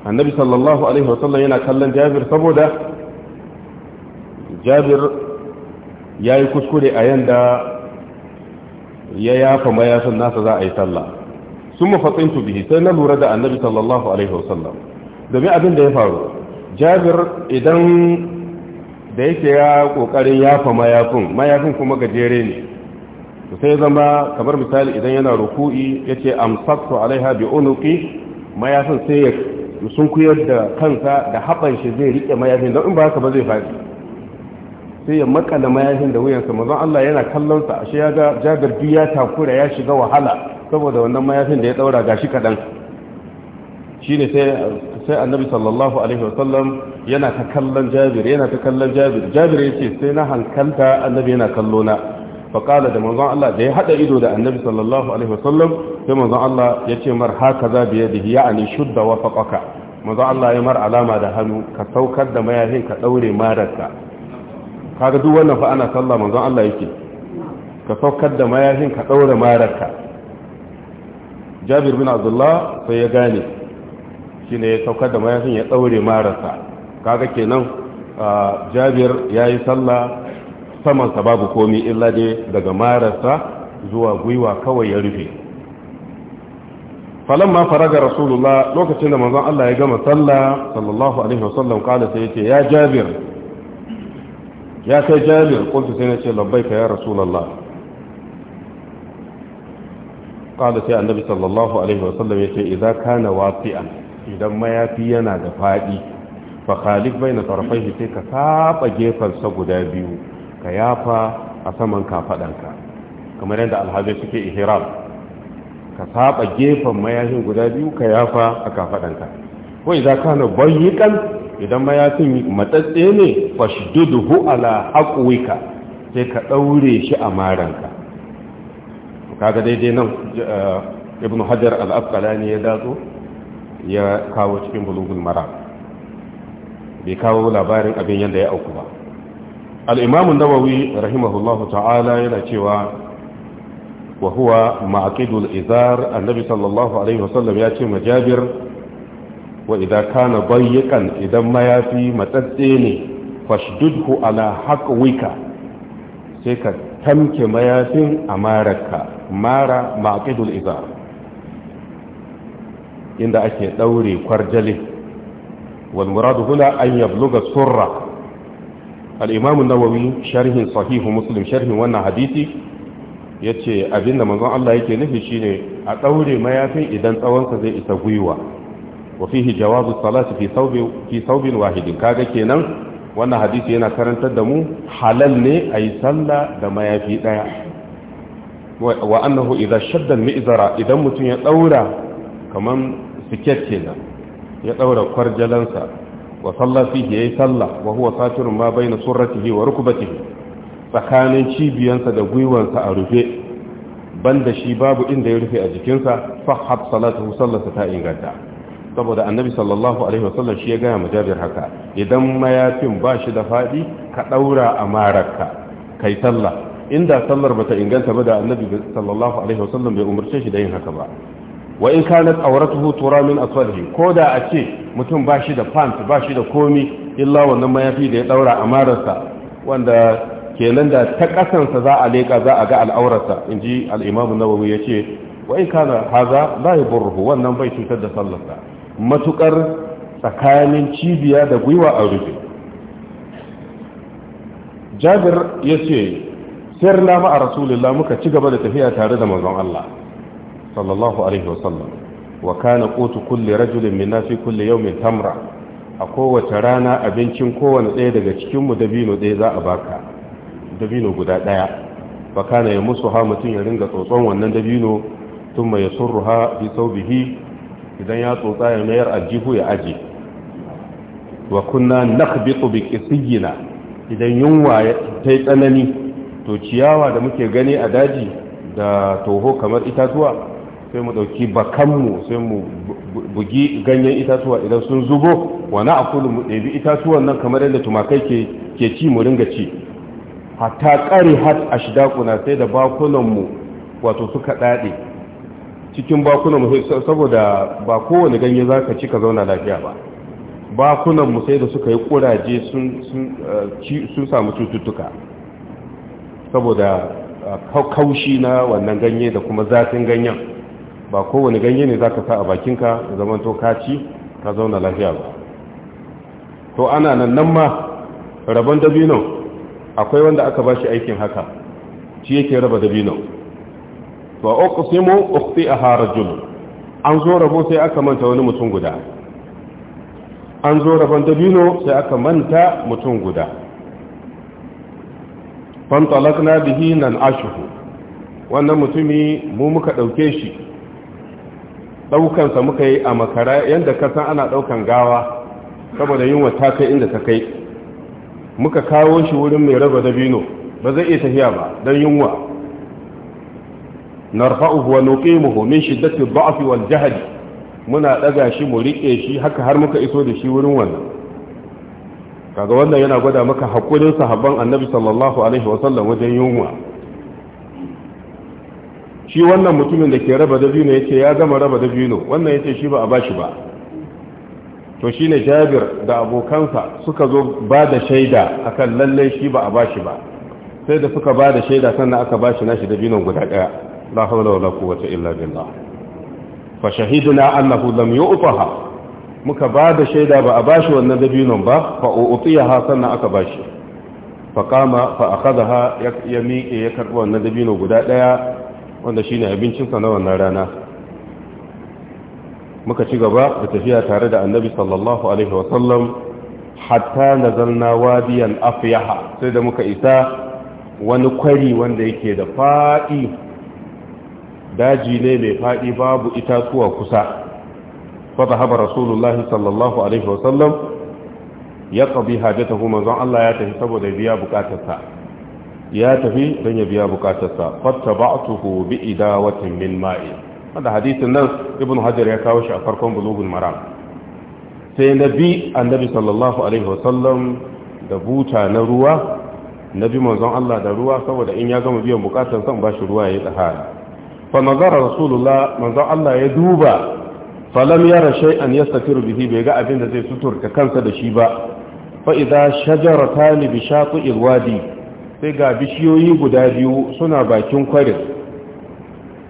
annabi sallallahu alaihi sallam yana kallon jabir saboda jabir yayi kuskure a yanda ya yafa mayafin nasa za a yi sallah sun mafatsintu bihi sai na lura da annabi sallallahu alaihi wasallam domin abin da ya faru jabir idan da yake ya kokarin yafa mayafin mayafin kuma gajere ne sai zama kamar misali idan yana ruku'i yace amsaktu alaiha bi unuqi mayafin sai ya sun da kansa da haban shi zai rike mayafin don in ba haka ba zai faɗi sai ya makala mayafin da wuyansa mazan Allah yana kallonsa ashe ya ga jagar ya takura ya shiga wahala saboda wannan mayafin da ya daura gashi kadan shine sai sai annabi sallallahu alaihi wasallam yana ta kallon jabir yana ta kallon jabir jabir yace sai na hankalta annabi yana kallo na fa da manzon Allah da ya hada ido da annabi sallallahu alaihi wasallam sai manzon Allah yace mar haka hakaza bi yadihi ya'ni shudda wa faqaka manzon Allah ya mar alama da hannu ka saukar da mayafin ka daure mararka kaga duk wannan fa ana sallah manzon Allah yake ka saukar da mayahin ka daura mararka Jabir bin Abdullah sai ya gane shine ya saukar da mayahin ya daure mararsa kaga kenan Jabir yayi sallah saman sa babu komi illa dai daga mararsa zuwa gwiwa kawai ya rufe falamma faraga rasulullah lokacin da manzon Allah ya gama sallah sallallahu alaihi wasallam kala sai yace ya Jabir ya kai jabir kuntu sai na ce labbaika ya rasulallah qala sai annabi sallallahu alaihi wasallam yace idza kana idan mayafi yana da faɗi fa khalif baina tarafaihi sai ka saba gefen sa guda biyu ka yafa a saman kafadanka kamar yadda alhaji suke ihram ka saba gefen mayafin guda biyu ka yafa a kafadanka wai idza kana bayyikan idan mayafin matsatse ne fashdudhu ala haqwika sai ka ɗaure shi a maranka kaga daidai nan eh, ibn hajar al-asqalani ya datso ya kawo cikin bulugul mara bai kawo labarin abin yadda ya auku ba al-imam nawawi rahimahullahu ta'ala yana cewa wa huwa ma'qidul izar annabi sallallahu alaihi wasallam ya ce majabir wa idan kana bayyakan idan mayafi matsatse ne fashdudhu ala haqwika sai ka tamke mayafin a mararka mara maqidul izar inda ake daure kwarjale wal murad huna an yabluga surra al-imam an-nawawi sharhin sahih muslim sharhin wannan hadisi yace abinda manzon Allah yake nufi shine a daure mayafin idan tsawonsa zai isa gwiwa wa fihi jawazu salati fi thawbin fi thawbin wahidin kaga kenan wannan hadisi yana karantar da mu halal ne ayi sallah da mayafi daya wa annahu idza shadda mizara idan mutum ya daura kaman siket kenan ya daura kwarjalansa wa salla fihi yayi sallah wa huwa satirun ma baina surratihi wa rukbatihi tsakanin cibiyansa da gwiwansa a rufe banda shi babu inda ya rufe a jikinsa fa hab salatu sallata ta inganta saboda annabi sallallahu alaihi wasallam shi ya gaya ma jabir haka idan mayafin ba shi da faɗi ka ɗaura a kai sallah inda sallar bata inganta ba da annabi sallallahu alaihi wasallam bai umarce shi da yin haka ba wa in kanat awratuhu min aswalihi ko da a ce mutum ba shi da pants ba shi da komi illa wannan mayafi da ya ɗaura amararsa mararsa wanda kenan da ta kasansa za a leƙa za a ga al'aurarsa inji al-imam ya ya ce wa in kana haza la yuburruhu wannan bai cutar da sallarsa matukar tsakanin cibiya da gwiwa a rufe jabir ya ce sayar lama a rasulullah muka ci gaba da tafiya tare da mazan Allah sallallahu alaihi wasallam wa kana kulle rajulun min nafi fi yau min tamra a kowace rana abincin kowane ɗaya daga cikinmu dabino ɗaya za a baka dabino guda ɗaya ba kana ya musu ha mutum ya ringa tsotson wannan dabino tun mai surruha fi bihi. idan ya tsotsa ya mayar ajihu ya aji wa kunna nakhbitu bi qisiyina idan yunwa ta tsanani to ciyawa da muke gani a daji da toho kamar itatuwa sai mu dauki bakanmu sai mu bugi ganyen itatuwa idan sun zubo wa na'kulu mu ɗebi itatuwan nan kamar yadda tumakai ke ke ci mu ringa ci hatta qarihat ashdaquna sai da mu wato suka dade cikin bakunan mu saboda ba kowane ganye za ka ci ka zauna lafiya ba bakunan mu sai da suka yi kuraje eh, sun samu cututtuka saboda eh, kaushi na wannan ganye da kuma zafin ganyen ba kowane ganye ne za ka sa a bakinka zaman to ka ci ka zauna lafiya ba to ana nan nan ma rabon dabino akwai wanda aka bashi aikin haka shi yake raba dabino wa uqsimu ukhti'aha rajul an zo rabo sai aka manta wani mutum guda an zo rabon dabino sai aka manta mutum guda talaqna bihi nan ashuhu wannan mutumi mu muka dauke shi daukansa muka yi a makara yadda kasan ana daukan gawa saboda yunwa ta kai inda ta kai muka kawo shi wurin mai raba dabino ba zai iya tafiya ba don yunwa narfa'uhu wa nuqimuhu min shiddati ad-da'f wal jahl muna daga shi mu riƙe shi haka har muka iso da shi wurin wannan kaga wannan yana gwada maka hakurin sahabban annabi sallallahu alaihi wa sallam wajen yunwa shi wannan mutumin da ke raba dabino yace ya gama raba dabino wannan yace shi ba a bashi ba to shine Jabir da abokansa suka zo ba da shaida akan lalle shi ba a bashi ba sai da suka ba da shaida sannan aka bashi nashi dabinon guda daya la hawla wala quwwata illa billah fa shahidna annahu lam muka ba da shaida ba a bashi wannan dabinon ba fa utiyaha sannan aka bashi fa kama fa akhadha ya miƙe ya karɓi wannan dabino guda ɗaya wanda shine abincin sa na wannan rana muka ci gaba da tafiya tare da annabi sallallahu alaihi wa sallam hatta nazalna wadiyan afyaha sai da muka isa wani kwari wanda yake da faɗi daji ne mai faɗi babu itatuwa kusa fata haɓa rasulullahi sallallahu alaihi wasallam ya ƙabi hajjatahu zan Allah ya tafi saboda biya buƙatarsa, ya tafi don ya biya bukatarsa fata ba tuhu bi watan min ma'i wanda hadisin nan ibn hajar ya kawo shi a farkon bulugun mara sai na bi annabi sallallahu alaihi wasallam da buta na ruwa na bi manzon Allah da ruwa saboda in ya gama biyan bukatarsa ba shi ruwa ya yi tsahara fa nazara rasulullah manzon Allah ya duba falam yara shay'an yastatir bihi bai ga abin da zai suturta kansa da shi ba fa shajarar shajaratan bi shati'il wadi sai ga bishiyoyi guda biyu suna bakin kwarin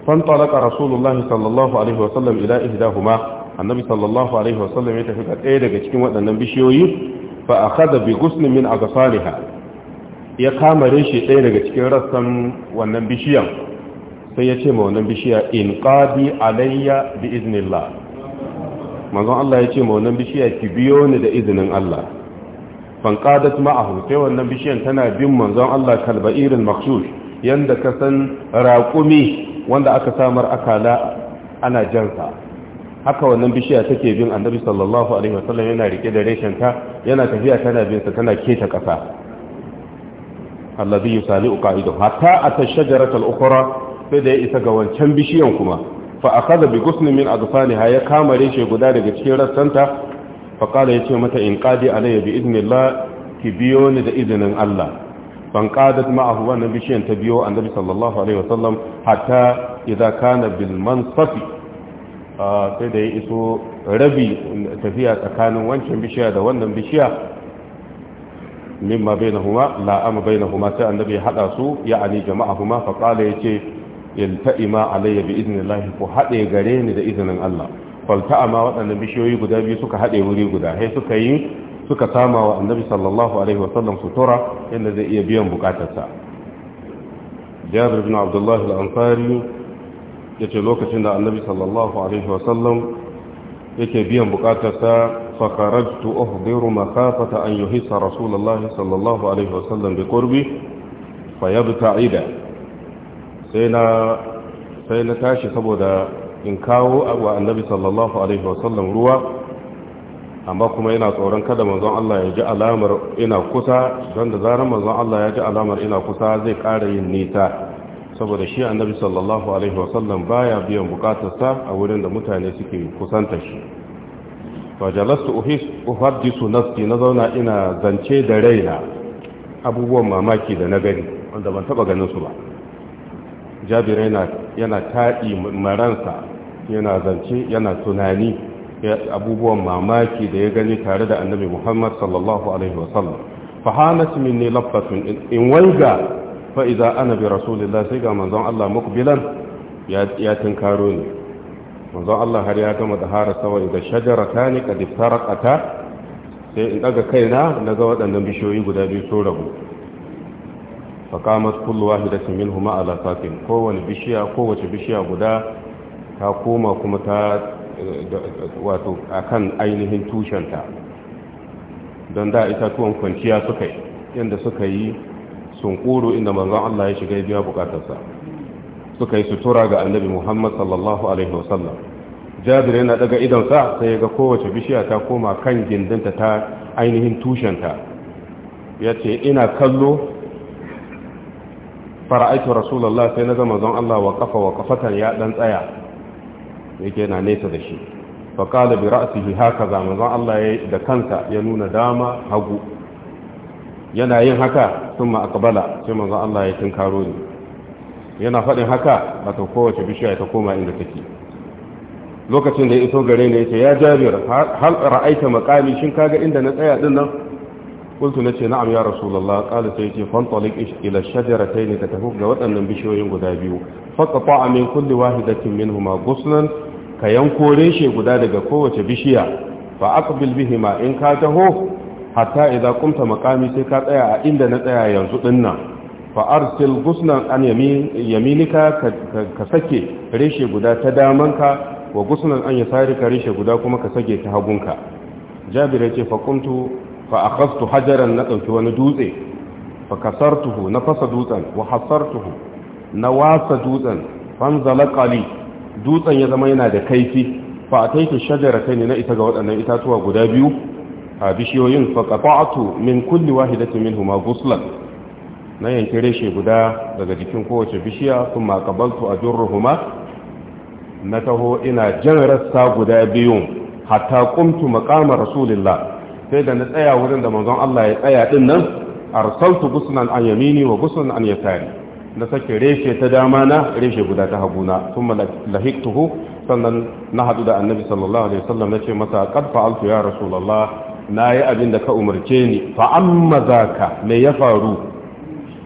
fantalaka rasulullah sallallahu alaihi wasallam ila ihdahuma annabi sallallahu alaihi wasallam ya tafi ga ɗaya daga cikin waɗannan bishiyoyi fa kada bi ghuslin min aghsaliha ya kama reshe ɗaya daga cikin rassan wannan bishiyan sai ya ce ma wannan bishiya in qadi alayya bi iznillah manzon Allah ya ce ma wannan bishiya ki biyo ni da izinin Allah fan qadat ma'ahu sai wannan bishiyan tana bin manzon Allah irin makhshush yanda ka san raqumi wanda aka samar akala ana jansa haka wannan bishiya take bin annabi sallallahu alaihi wasallam yana rike da reshen ta yana tafiya tana bin sa tana keta kasa alladhi yusali'u qa'idu hatta a shajarata al-ukhra sai da ya isa ga wancan bishiyan kuma fa akhadha bi ghusnin min adfaniha ya kama reshe guda daga cikin rassanta fa qala yace mata in qadi alayya bi idnillah ki biyo ni da izinin Allah ban qadat ma'ahu wannan bishiyan ta biyo annabi sallallahu alaihi wasallam hatta idza kana bil mansafi ah, sai da ya iso rabi tafiya tsakanin wancan bishiya da wannan bishiya mimma bainahuma la ama bainahuma sai annabi ya hada su jama'a jama'ahuma fa qala yace yalta'ima alayya bi idnillahi ku haɗe gare ni da izinin Allah falta'ama waɗannan bishiyoyi guda biyu suka haɗe wuri guda sai suka yi suka sama wa annabi sallallahu alaihi wasallam sutura inda zai iya biyan bukatarsa jabir ibn abdullah al-ansari yace lokacin da annabi sallallahu alaihi wasallam yake biyan bukatarsa fa kharajtu uhdiru makafata an yuhissa rasulullahi sallallahu alaihi wasallam bi qurbi fayabta'ida sai na tashi saboda in kawo wa annabi sallallahu alaihi wasallam ruwa amma kuma yana tsoron kada manzon Allah ya ji alamar ina kusa don da zarar manzon Allah ya ji alamar ina kusa zai ƙara yin nisa saboda shi annabi sallallahu alaihi wasallam baya biyan bukatarsa a wurin da mutane suke kusanta shi fajalastu uhis uhaddisu nafsi na zauna ina zance da raina abubuwan mamaki da na gani wanda ban taba ganin su ba jabir yana taɗi maransa yana zance yana tunani abubuwan mamaki da ya gani tare da annabi muhammad sallallahu alaihi wasallam fahanat minni lafafin in walga fa idza ana bi rasulillah sai ga manzon Allah mukbilan ya tinkaro ne manzon Allah har ya gama da hara sawa idza shajaratani qad sai in daga kaina naga waɗannan bishiyoyi guda biyu sun rabu faƙamat shi da minhuma ala alasafin kowace bishiya kowace bishiya guda ta koma kuma ta wato akan ainihin tushenta don da itatuwan kwanciya suka yi yadda suka yi sunkuru inda manzon Allah ya shiga ya biya bukatarsa suka yi sutura ga annabi Muhammad sallallahu alaihi wasallam jabir yana daga idonsa sai ya ga kowace bishiya ta koma kan gindinta ta ainihin tushenta ya ce ina kallo fara'aitu rasulullah sai na zama zan Allah wa kafa wa kafatan ya dan tsaya yake na nesa da shi fa qala bi ra'sihi hakaza zan Allah ya da kanta ya nuna dama hagu yana yin haka thumma aqbala sai zan Allah ya tinkaro ni yana faɗin haka wato kowace bishiya ta koma inda take lokacin da ya iso gare ni ce ya Jabir hal ra'aita maqami shin kaga inda na tsaya din nan kultu na ce na'am ya rasulullah qala sai ce fantalik ila shajaratayn ka tafi ga waɗannan bishiyoyin guda biyu faqata min kulli wahidatin minhuma guslan ka yanko reshe guda daga kowace bishiya fa aqbil bihima in ka taho hatta idza qumta maqami sai ka tsaya a inda na tsaya yanzu dinnan fa arsil guslan an yaminika ka sake reshe guda ta damanka wa guslan an yasarika reshe guda kuma ka sake ta hagunka jabir yace fa qumtu fa akhadtu hajaran na dauki wani dutse fa kasartuhu na fasa dutsen wa hasartuhu na wasa dutsen fanzala qali dutsen ya zama yana da kaifi fa ataitu shajaratayn na ita ga waɗannan itatuwa guda biyu a bishiyoyin fa qata'tu min kulli wahidatin minhuma ghuslan na yanke reshe guda daga jikin kowace bishiya sun makabaltu a jirruhuma na taho ina jan rassa guda biyun hatta kumtu makamar rasulillah sai da na tsaya wurin da manzon Allah ya tsaya din nan arsaltu gusnan an yamini wa gusnan an yasari na sake reshe ta dama na reshe guda ta haguna thumma lahiktuhu sannan na hadu da annabi sallallahu alaihi wasallam ce masa qad fa'altu ya rasulullah yi abin da ka umarce ni fa amma ka me ya faru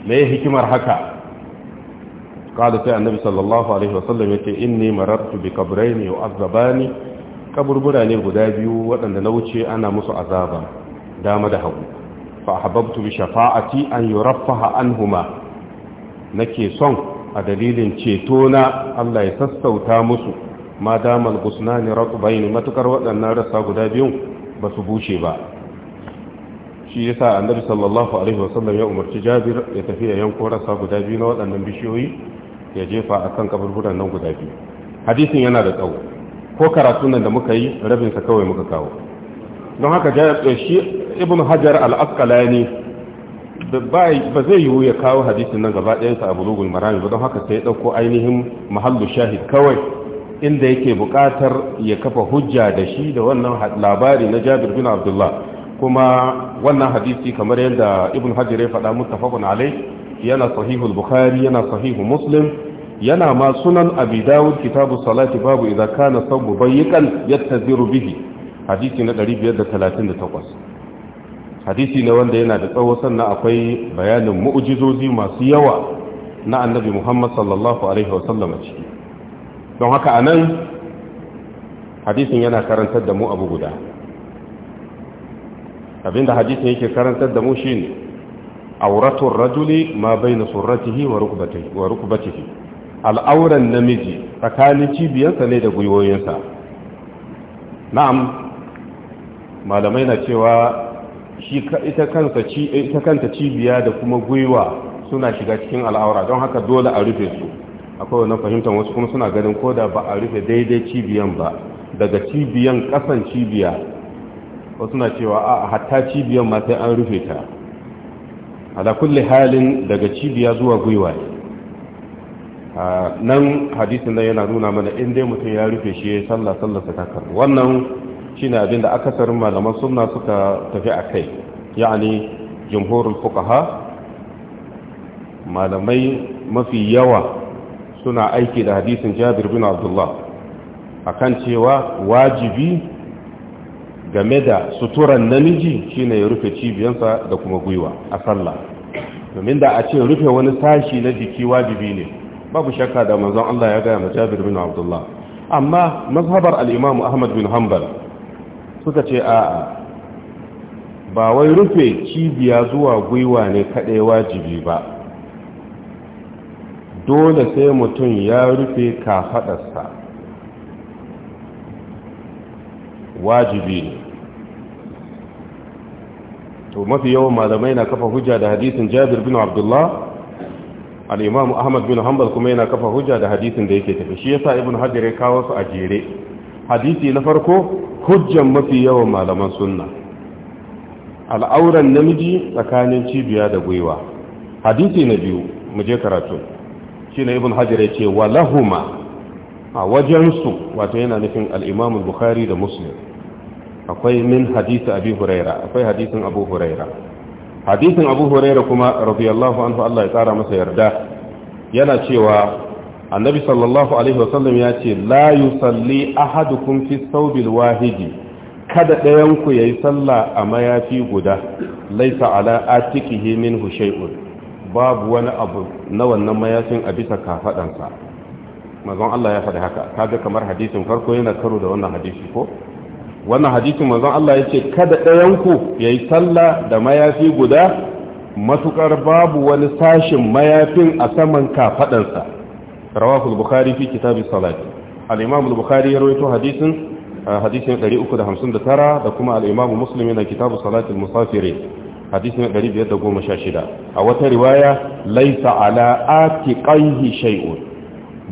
me hikimar haka قال في النبي صلى الله عليه وسلم إني مررت بقبرين يعذبان kaburbura ne guda biyu waɗanda na wuce ana musu azaba dama da hagu fa ahbabtu bi shafa'ati an yuraffaha anhuma nake son a dalilin ceto na Allah ya sassauta musu ma dama gusnani ratbayn matukar waɗannan rasa guda biyun ba su bushe ba shi yasa annabi sallallahu alaihi wasallam ya umarci Jabir ya tafi ya yanko rasa guda biyu na waɗannan bishiyoyi ya jefa akan kaburburan nan guda biyu hadisin yana da tsawo ko karatun nan da muka yi rabinsa kawai muka kawo don haka shi ibn hajar al-asqalani ba zai yiwu ya kawo hadisin nan gaba ɗayansa a bulugun marami ba don haka sai ɗauko ainihin mahallu shahid kawai inda yake buƙatar ya kafa hujja da shi da wannan labari na jabir bin abdullah kuma wannan hadisi kamar yadda ibn hajar ya faɗa muttafaqun alai yana sahihul bukhari yana sahihu muslim yana ma sunan abi dawud kitabu salati babu idza kana sabu bayyikan yattaziru bihi hadisi na 538 hadisi ne wanda yana da tsawo sannan akwai bayanin mu'jizozi masu yawa na annabi Muhammad sallallahu alaihi wasallam a ciki don haka anan hadisin yana karantar da mu abu guda abinda hadisin yake karantar da mu shine auratul rajuli ma baina surratihi wa rukbatihi wa rukbatihi al'auran namiji tsakanin cibiyarsa ne da gwiwoyinsa na'am malamai na cewa ita kanta cibiya da kuma gwiwa suna shiga cikin al'aura don haka dole a rufe su akwai wannan fahimtar wasu kuma suna ganin ko da ba a rufe daidai cibiyan ba daga cibiyan kasan cibiya wasu na cewa a hatta cibiyan ma sai an rufe ta da kulle halin daga cibiya zuwa gwiwa ne nan hadisin nan yana nuna mana in dai mutum ya rufe shi ya sallah sallah ta kakar wannan shi ne aka akasarin malaman suna suka tafi a kai ya'ani jimhorin fukaha malamai mafi yawa suna aiki da hadisin jabir bin abdullah kan cewa wajibi game da suturan namiji shi ne ya rufe cibiyansa da kuma gwiwa a sallah domin da a ce rufe wani sashi na jiki wajibi ne babu shakka da manzon Allah ya gaya ma Jabir bin Abdullah amma mazhabar al-Imam Ahmad bin Hanbal suka ce a ba wai rufe cibiya zuwa gwiwa ne kadai wajibi ba dole sai mutum ya rufe ka sa wajibi to mafi yawan malamai na kafa hujja da hadisin Jabir bin Abdullah al’imamu ahmad bin hanbal kuma yana kafa hujja da hadisin da yake tafi shi ya sa ibn hajar ya kawo su a jere hadisi na farko hujjan mafi yawan malaman sunna al'auran namiji tsakanin cibiya da gwiwa hadisi na biyu mu je karatu na ibn hajar ya ce wa lahuma a wajensu wata yana nufin al bukhari da muslim akwai min hadisi huraira akwai hadisin abu huraira hadisin abu huraira kuma radiyallahu anhu Allah ya tsara masa yarda yana cewa annabi sallallahu alaihi wasallam ya ce la yusalli ahadukum fi thawbil wahidi kada ɗayan ku yayi sallah a mayafi guda laisa ala atiqihi minhu shay'un babu wani abu na wannan mayafin a bisa kafadansa manzon Allah ya faɗi haka kaga kamar hadisin farko yana karo da wannan hadisi ko wannan hadisin manzon Allah ya ce kada ɗayanku ya yi sallah da mayafi guda matuƙar babu wani sashin mayafin a saman kafaɗansa rawahul bukhari fi kitabi salati al-imam al-bukhari ya rawaito hadisin hadisin 359 da kuma al-imam muslim na kitabu salati al-musafirin hadisin 516 a wata riwaya laisa ala atiqaihi shai'un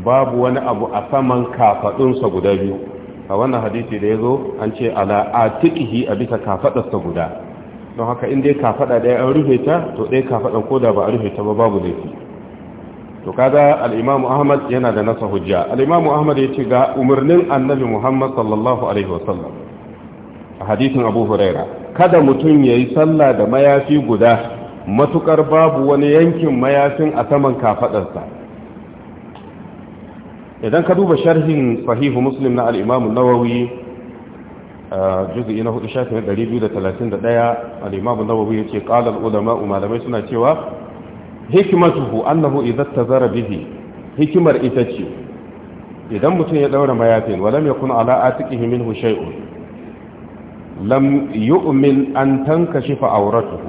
babu wani abu a saman kafaɗinsa guda biyu a wannan hadisi da ya zo an ce ala tikihi a bisa kafaɗarsa guda don haka in dai kafada ɗaya an rufe ta to ɗaya ko da ba a rufe ta ba babu laifi to kaga al-Imam Ahmad yana da nasa hujja al-Imam Ahmad ce ga umarnin Annabi Muhammad sallallahu alaihi wasallam a hadisin Abu Huraira kada mutum ya yi sallah da mayafi guda matukar babu wani yankin mayafin a saman kafadarsa idan ka duba sharhin sahihu muslim na al'imamun nawawi juzi na hudu shafin 231 al'imamun nawawi ya ce ƙalar ulama malamai suna cewa hikimatuhu annahu idan ta zara bihi hikimar ita ce idan mutum ya daura mayafin walam yakun ala atiqihi minhu shay'un lam yu'min an tankashifa auratuhu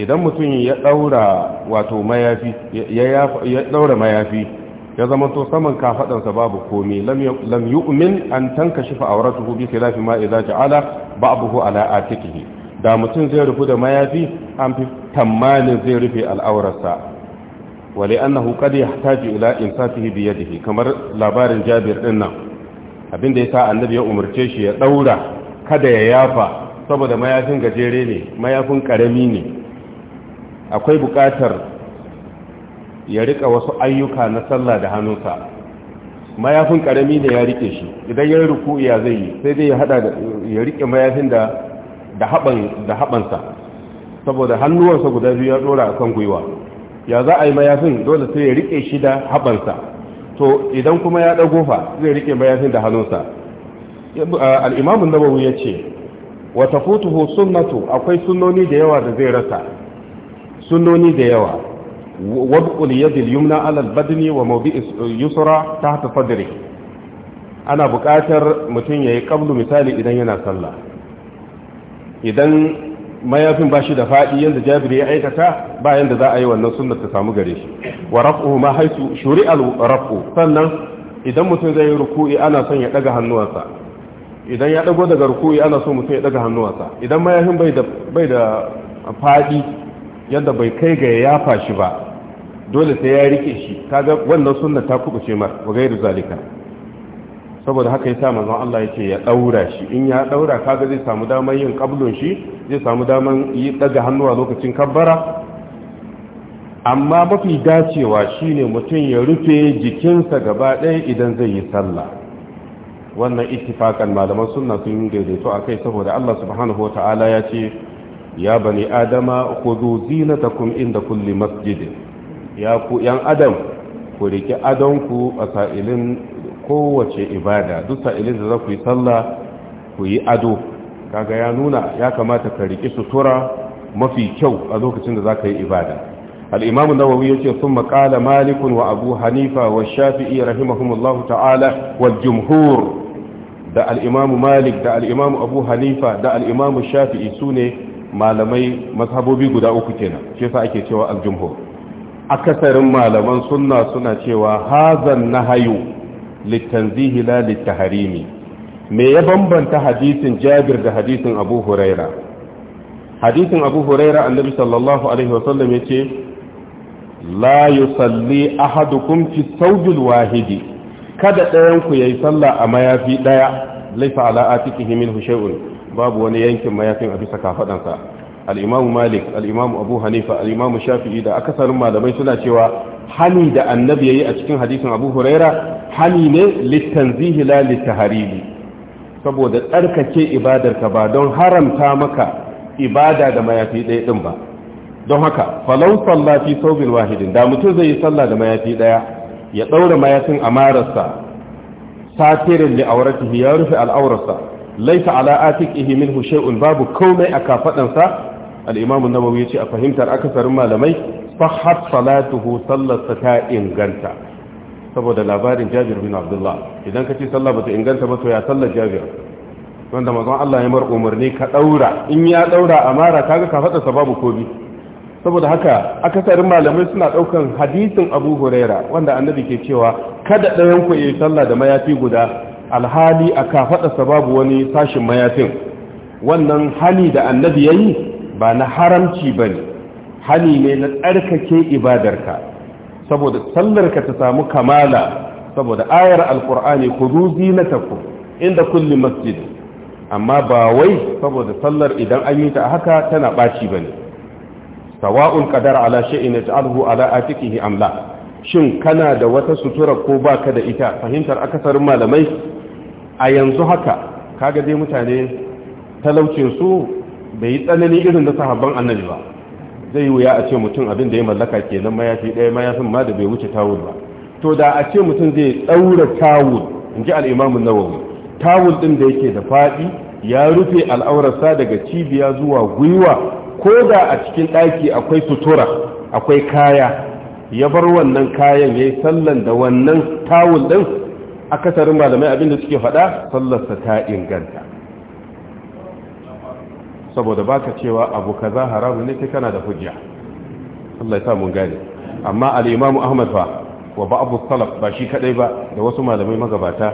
idan mutum ya daura wato mayafi ya daura mayafi ya zama to saman kafadansa babu komai lam yu'min an tankashifa auratuhu bi khilafi ma idza ja'ala ba'dahu ala atikihi da mutum zai rufu da mayafi an fi tamanin zai rufe al'aurarsa wale annahu qad yahtaju ila insafihi bi yadihi kamar labarin Jabir din nan abinda yasa annabi ya umurce shi ya daura kada ya yafa saboda mayafin gajere ne mayafin karami ne akwai bukatar ya rika wasu ayyuka na sallah da hannunsa mayafin karami ne ya rike shi idan ya ruku ya zai yi sai dai ya hada ya rike mayafin da da haban da habansa saboda hannuwansa guda biyu ya dora akan gwiwa ya za a yi mayafin dole sai ya rike shi da habansa to idan kuma ya dago fa zai rike mayafin da hannunsa al ya nawawi yace wa tafutuhu sunnatu akwai sunnoni da yawa da zai rasa sunnoni da yawa وضع اليد اليمنى على yumna وموضع يسرى badni wa mawdi'i بكاتر tahta قبل ana buƙatar mutum yayi qablu misali idan yana sallah idan mayafin ba da faɗi yadda jabiri ya aikata bayan da za a yi wannan sunnar ta samu gare shi wa ma idan mutum zai yi ruku'i ana son ya daga hannuwansa idan ya dago daga ruku'i ana so mutum ya daga hannuwansa idan mayafin bai da bai da faɗi yadda bai kai ga ya yafa shi ba dole sai ya rike shi kaga wannan sunna ta kubuce ma wa gairu zalika saboda haka yasa manzon Allah yake ya daura shi in ya daura kaga zai samu damar yin kablon shi zai samu damar yi daga a lokacin kabbara amma mafi dacewa shine mutum ya rufe jikinsa gaba ɗaya idan zai yi sallah wannan ittifakan malaman sunna sun yi daidaito akai saboda Allah subhanahu wataala ya ce ya bani adama khudhu zinatakum inda kulli masjidin ya ku yan adam ku riki adonku a sa'ilin kowace ibada duk sa'ilin da za ku yi sallah ku yi ado kaga ya nuna ya kamata ka riki sutura mafi kyau a lokacin da za ka yi ibada الإمام النووي يقول ثم قال مالك وأبو حنيفة والشافعي رحمهم الله تعالى والجمهور دا الإمام مالك دا الإمام أبو حنيفة دا الإمام الشافعي سوني malamai mazhabobi guda uku kenan shi yasa ake cewa aljumhur akasarin malaman sunna suna cewa hazan nahayu litanzihi la litaharimi me ya bambanta hadisin Jabir da hadisin Abu Huraira hadisin Abu Huraira annabi sallallahu alaihi wasallam yace la yusalli ahadukum fi sawjil wahidi kada ɗayan ku yayi sallah a mayafi ɗaya laifa ala atikihi minhu shay'un babu wani yankin mayafin a bisa kafadansa al'imamu malik al'imamu abu hanifa al'imamu shafi'i da akasarin malamai suna cewa hani da annabi ya yi a cikin hadisin abu huraira hani ne littanzihi la littahariri saboda tsarkake ibadarka ba don haramta maka ibada da mayafi ɗaya ɗin ba don haka falon sallah fi saubin wahidin da mutum zai yi sallah da mayafi ɗaya ya ɗaura mayafin a mararsa satirin li auratihi ya rufe al'aurarsa laisa ala atiqihi minhu shay'un babu komai a kafadansa al-imam an-nawawi yace a fahimtar akasarin malamai sahhat salatuhu sallarsa ta inganta saboda labarin Jabir bin Abdullah idan kace sallah bata inganta ba to ya sallar Jabir wanda manzon Allah ya mar umarni ka daura in ya daura amara kaga kafadarsa babu kobi saboda haka akasarin malamai suna daukan hadisin Abu Huraira wanda annabi ke cewa kada ɗayan ku yi sallah da mayafi guda alhali a kafaɗarsa babu wani sashin mayafin wannan hani da annabi ya yi ba na haramci ba ne hani ne na tsarkake ibadarka saboda sallarka ta samu kamala saboda ayar alkur'ani ku ruzi na taku inda kulli masjid amma ba wai saboda sallar idan an yi ta haka tana ɓaci ba ne sawa'un qadara ala shay'in yaj'aluhu ala atiqihi am shin kana da wata sutura ko baka da ita fahimtar akasarin malamai a yanzu haka kaga dai mutane su bai yi tsanani irin da sahabban annabi ba zai wuya a ce mutum abin da ya mallaka kenan mayafi ɗaya mayafin ma da bai wuce tawul ba to da a ce mutum zai tsaura tawul in ji al'imamun nawawi tawul ɗin da yake da faɗi ya rufe al'aurarsa daga cibiya zuwa gwiwa ko da a cikin ɗaki akwai sutura akwai kaya ya bar wannan kayan ya yi sallan da wannan tawul ɗin akasarin malamai abinda suke faɗa sallarsa ta inganta saboda baka cewa abu kaza haramu ne kai kana da hujja Allah ya sa mun gane amma al-Imam Ahmad fa wa ba'd salaf ba shi kadai ba da wasu malamai magabata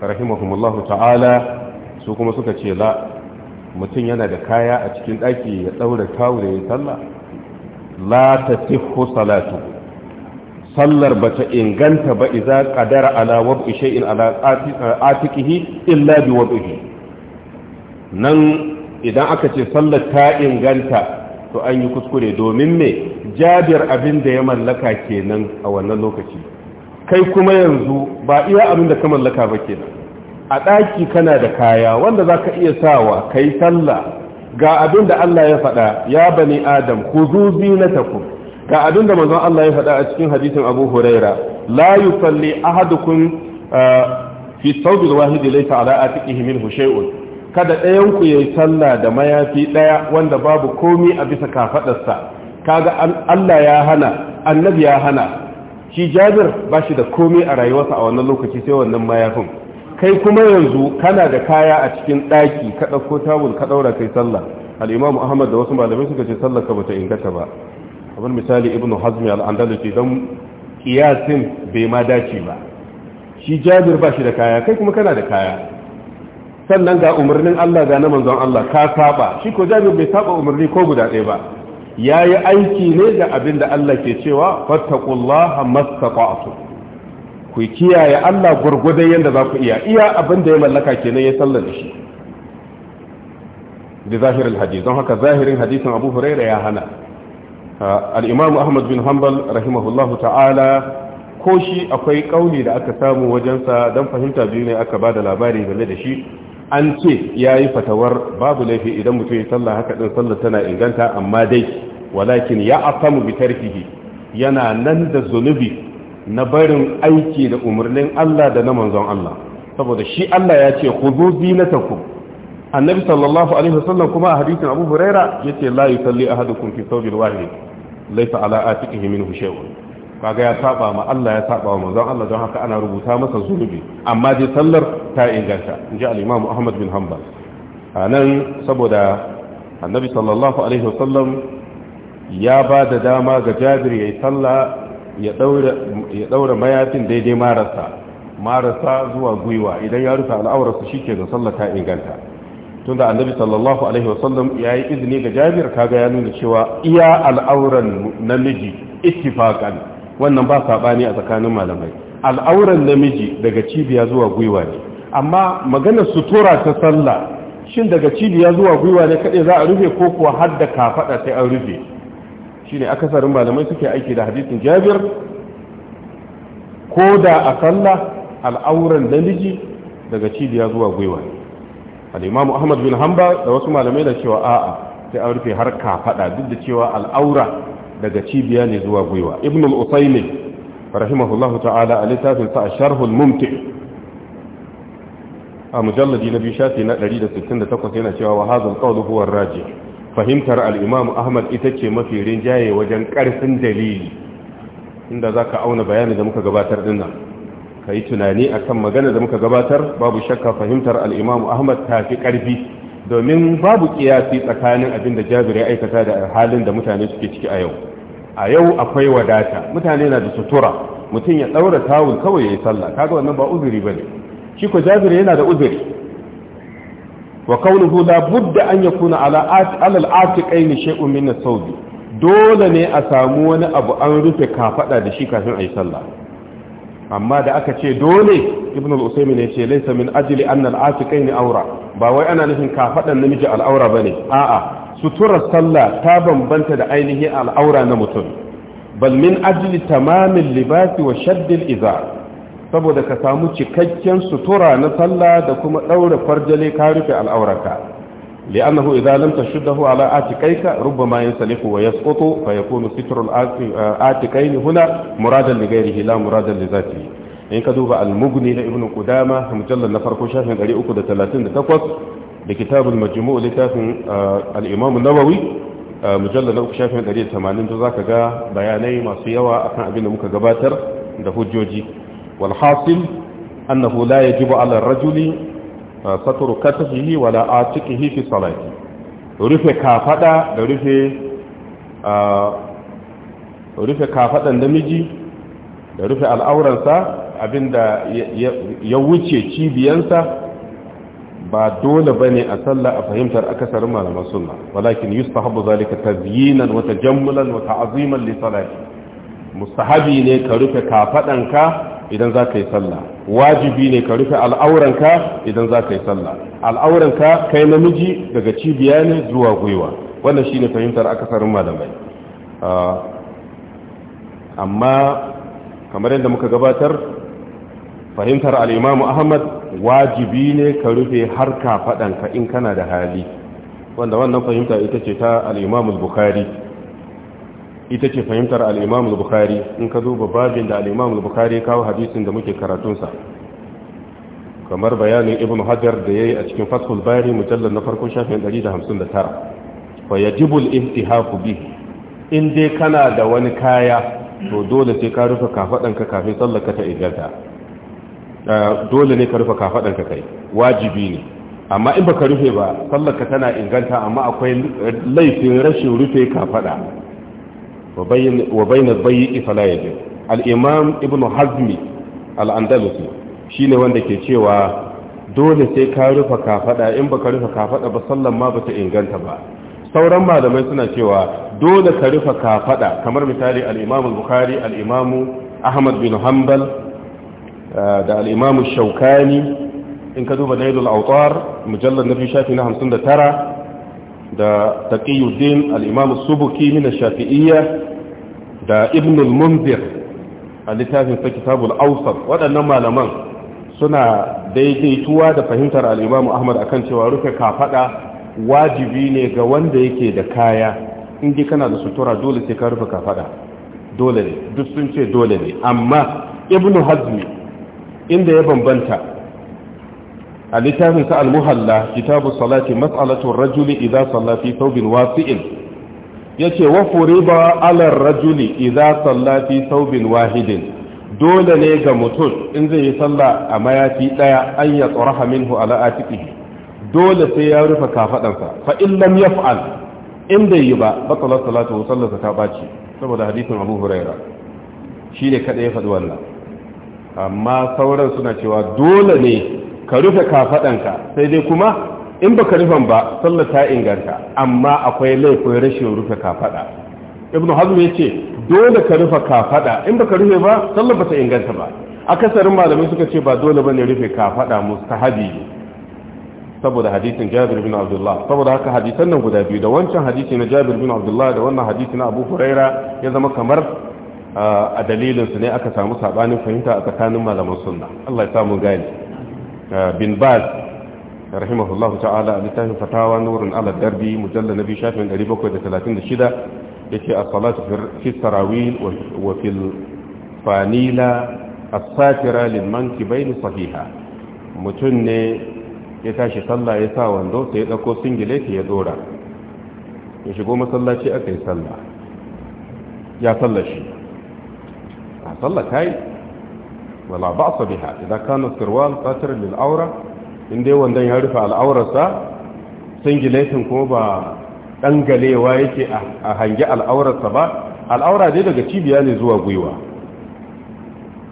rahimahumullah ta'ala su kuma suka ce la mutum yana da kaya a cikin daki ya daura tawure da ya sallah la tatihu salatu sallar bata inganta ba idza qadara ala wad'i shay'in ala atiqihi illa bi wad'ihi nan idan aka ce sallar ta inganta to an yi kuskure domin me jabir abin da ya mallaka kenan a wannan lokaci kai kuma yanzu ba iya abin da ka mallaka ba kenan a ɗaki kana da kaya wanda za ka iya sawa kai sallah ga abin da Allah ya faɗa ya bani adam khuzuzi na taku ga abin da manzon Allah ya faɗa a cikin hadisin Abu Huraira la yusalli ahadukum eh, fi thawbil wahid laysa ala atiqihi min shay'un kada ɗayan ku yayi sallah da mayafi ɗaya wanda babu komi a bisa kafadarsa kaga Allah ya hana annabi ya hana shi Jabir ba shi da komi a rayuwarsa a wannan lokaci sai wannan mayafin kai kuma yanzu kana da kaya a cikin ɗaki ka ɗauko tawul ka ɗaura kai sallah al-Imam Ahmad da wasu malamai suka ce sallar ka bata ingata ba kamar misali ibn hazmi al-andalusi don kiyasin bai ma dace ba shi jabir ba shi da kaya kai kuma kana da kaya sannan ga umarnin Allah ga na manzon Allah ka saba shi ko jabir bai saba umarni ko guda ɗaya ba yayi aiki ne da abin da Allah ke cewa fattaqullaha mastata'tu ku kiyaye Allah gurgudan yanda za ku iya iya abin da ya mallaka kenan ya sallar da shi da zahirin hadisi don haka zahirin hadisin Abu huraira ya hana al'imamu ahmad bin hanbal rahimahullahu ta'ala ko shi akwai ƙauni da aka samu wajensa don fahimta biyu ne aka ba da labari game da shi an ce ya yi fatawar babu laifi idan mutum ya sallah haka ɗin sallah tana inganta amma dai walakin ya asamu bi yana nan da zunubi na barin aiki da umarnin Allah da na manzon Allah saboda shi Allah ya ce khudhu zinatakum annabi sallallahu alaihi wasallam kuma a hadisin abu huraira yace la yusalli ahadukum fi thawbil wahid laifa ala atiqihi minhu shay'un kaga ya saba ma Allah ya saba ma. manzon Allah don haka ana rubuta masa zunubi amma dai sallar ta inganta inji al-Imam Ahmad bin Hanbal anan saboda annabi sallallahu alaihi wasallam ya ba da dama ga Jabir yayi sallah ya daura ya daura mayafin daidai marasa marasa zuwa gwiwa idan ya rufe al'aurarsa shike ga sallar ta inganta tunda annabi sallallahu alaihi wasallam ya yi izini ga jabir kaga ya nuna cewa iya al'auran namiji ittifaqan wannan ba sabani a tsakanin malamai al'auran namiji daga cibiya zuwa gwiwa ne amma maganar sutura ta sallah shin daga cibiya zuwa gwiwa ne kadai za a rufe ko kuwa har da kafada sai an rufe shine akasarin malamai suke aiki da hadisin jabir ko da a sallah al'auran namiji daga cibiya zuwa gwiwa ne al'imamu ahmad bin hamba da wasu malamai da cewa a'a sai an rufe har kafaɗa duk da cewa al'aura daga cibiya ne zuwa gwiwa ibn al-usaymin rahimahullahu ta'ala a littafin sa sharhul mumti a mujalladi na biyu shafi na 168 yana cewa wa hazal raji fahimtar al ahmad ita ce mafi rinjaye wajen karfin dalili inda zaka auna bayani da muka gabatar dinnan ka yi tunani a kan magana da muka gabatar babu shakka fahimtar al'imamu ahmad ta fi ƙarfi domin babu ƙiyasi tsakanin abin da jabir ya aikata da halin da mutane suke ciki a yau a yau akwai wadata mutane na da sutura mutum ya ɗaura tawul kawai ya yi sallah kaga wannan ba uzuri ba ne shi ko jabir yana da uzuri wa kaunuhu la budda an yakuna ala alal atiqaini shay'un min as-sawbi dole ne a samu wani abu an rufe kafada da shi kafin a yi sallah amma da aka ce dole ibn al-usaymi ne ce laysa min ajli an al-atiqain awra ba wai ana nufin kafadan namiji al'aura bane a'a suturar sallah ta bambanta da ainihi al'aura na mutum bal min ajli tamamin libasi wa shaddil izar saboda ka samu cikakken sutura na sallah da kuma daura farjale ka rufe al'aurarka لأنه إذا لم تشده على آتكيك ربما ينسلخ ويسقط فيكون ستر الآتكين هنا مرادا لغيره لا مرادا لذاته إن كذوب المغني لابن قدامة مجلد نفرق شاف أريئك دا 38 لكتاب المجموع لتاف الإمام النووي مجلد نفرق شاف أريئ 80 ذاك جاء بياني ما سيوا أكنا أبين مكا قباتر دفوت جوجي والحاصل أنه لا يجب على الرجل saturu katifihi wala atiqihi hifi salaki rufe kafada da rufe rufe kafadan namiji da rufe al'auransa abinda ya wuce cibiyansa ba dole bane a sallah a fahimtar akasarin malaman sunna walakin yustahabu zalika tazyinan wa tajammulan wa ta'ziman li salati mustahabi ne ka rufe kafadanka idan za ka yi sallah wajibi ne ka rufe al'auranka idan za ka yi sallah al'auranka kai namiji daga cibiya ne zuwa gwiwa wannan shi ne fahimtar akasarin malamai ah, amma kamar yadda muka gabatar fahimtar al'imamu ahmad wajibi ne ka rufe har ka faɗanka in kana da hali wanda wannan fahimta ita ce ta al'imamu bukari ita ce fahimtar al'imam bukhari in ka duba babin da al'imam bukhari kawo hadisin da muke karatunsa kamar bayanin ibn hajar da ya yi a cikin fasfol bari mujallar na farkon shafin 159 fa ya jibul ihtihaku bi in dai kana da wani kaya to dole sai ka rufe kafaɗanka kafin tsallaka ta igarta dole ne ka rufe kafaɗanka kai wajibi ne amma in baka rufe ba sallaka tana inganta amma akwai laifin rashin rufe kafaɗa. wa bayna bayyi fala yajib al-imam ibnu hazmi al-andalusi shine wanda ke cewa dole sai ka rufe kafada in baka rufe kafada ba sallan ma bata inganta ba sauran malamai suna cewa dole ka rufe kafada kamar misali al-imam al-bukhari al-imam ahmad bin hanbal eh, da al-imam shaukani in ka duba nailul awtar mujallad nafi shafi na 59 da taqiyuddin al-imam subuki min ash-shafi'iyya da ibnul munzir a littafin sa kitabul awsat waɗannan malaman suna daidaituwa da fahimtar al ahmad akan cewa rufe kafada wajibi ne ga wanda yake da kaya in dai kana da sutura dole sai ka rufe kafada dole ne duk sun ce dole ne amma ibn hazmi inda ya bambanta a littafin sa al-muhalla kitabu salati mas'alatu ar-rajuli idza salla fi thawbin wasi'in yace wa furiba ala rajuli idza salla fi thawbin wahidin dole ne ga mutum in zai yi sallah a mayafi daya an ya tsoraha minhu ala atiqihi dole sai ya rufe kafadansa fa in lam yaf'al in bai yi ba batala salatu wa sallata ta baci saboda hadisin Abu Huraira shine kada ya faɗi wannan amma sauran suna cewa dole ne ka rufe ka sai dai kuma in baka rufan ba Sallah ta inganta amma akwai laifin rashin rufe kafada ibnu hazm yace dole ka rufe kafada in baka rufe ba Sallah ba ta inganta ba akasarin malamai suka ce ba dole bane rufe kafada mustahabi saboda hadisin Jabir bin Abdullah saboda haka hadisan nan guda biyu da wancan hadisi na Jabir bin Abdullah da wannan hadisi na Abu Huraira ya zama kamar a dalilin su ne aka samu sabanin fahimta a tsakanin malaman sunna Allah ya samu gani bin Baz rahimahullahu ta'ala a littafin fatawa nurun ala darbi mujalla na biyu shafin 736 a salatu fi tarawih wa fil ne ya tashi sallah ya sa wando ya dauko singileti ya dora ya shigo masallaci aka yi sallah ya sallah a sallah kai wala Inda dai wandon ya rufe al'aurarsa singiletin ko ba ɗangalewa yake a hangi al'aurarsa ba al'aura dai daga cibiya ne zuwa gwiwa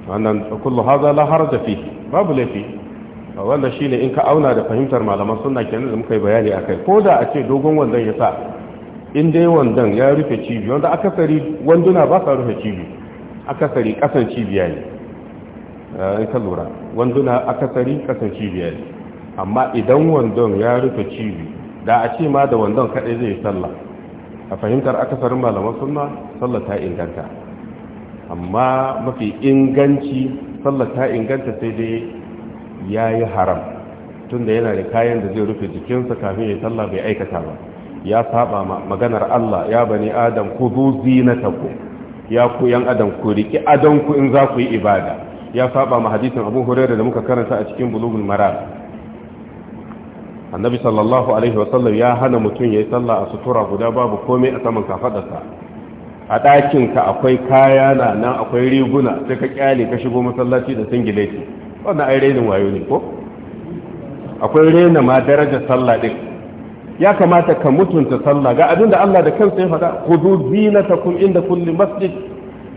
wannan kullu haza la da fi babu lafi wanda ne in ka auna da fahimtar malaman suna kenan da muka yi bayani a kai. ko da a ce dogon wandon ya sa in dai wandon ya rufe cibi wanda akasari wanduna ba sa rufe cibi akasari kasan cibiya ne eh, in ka lura wanduna akasari kasan cibiya ne amma idan wandon ya rufe cibi da a ce ma da wandon kaɗai zai sallah a fahimtar akasarin malaman suna sallah ta inganta amma mafi inganci sallah ta inganta sai dai ya yi haram tunda yana da kayan da zai rufe jikinsa kafin ya sallah bai aikata ba ya saba maganar Allah ya bani adam ku zu tabo ya ku yan adam ku riki adam ku in za ku yi ibada ya saba ma hadisin Abu Hurairah da muka karanta a cikin Bulugun Maram annabi sallallahu alaihi wasallam ya hana mutum ya yi sallah a sutura guda babu komai a saman kafadarsa a ɗakinka akwai kaya na nan akwai riguna sai ka kyale ka shigo masallaci da singileti wannan ai renin wayo ne ko akwai rena ma darajar sallah din ya kamata ka mutunta sallah ga abin da Allah da kansa ya faɗa khudu zinatakum inda kulli masjid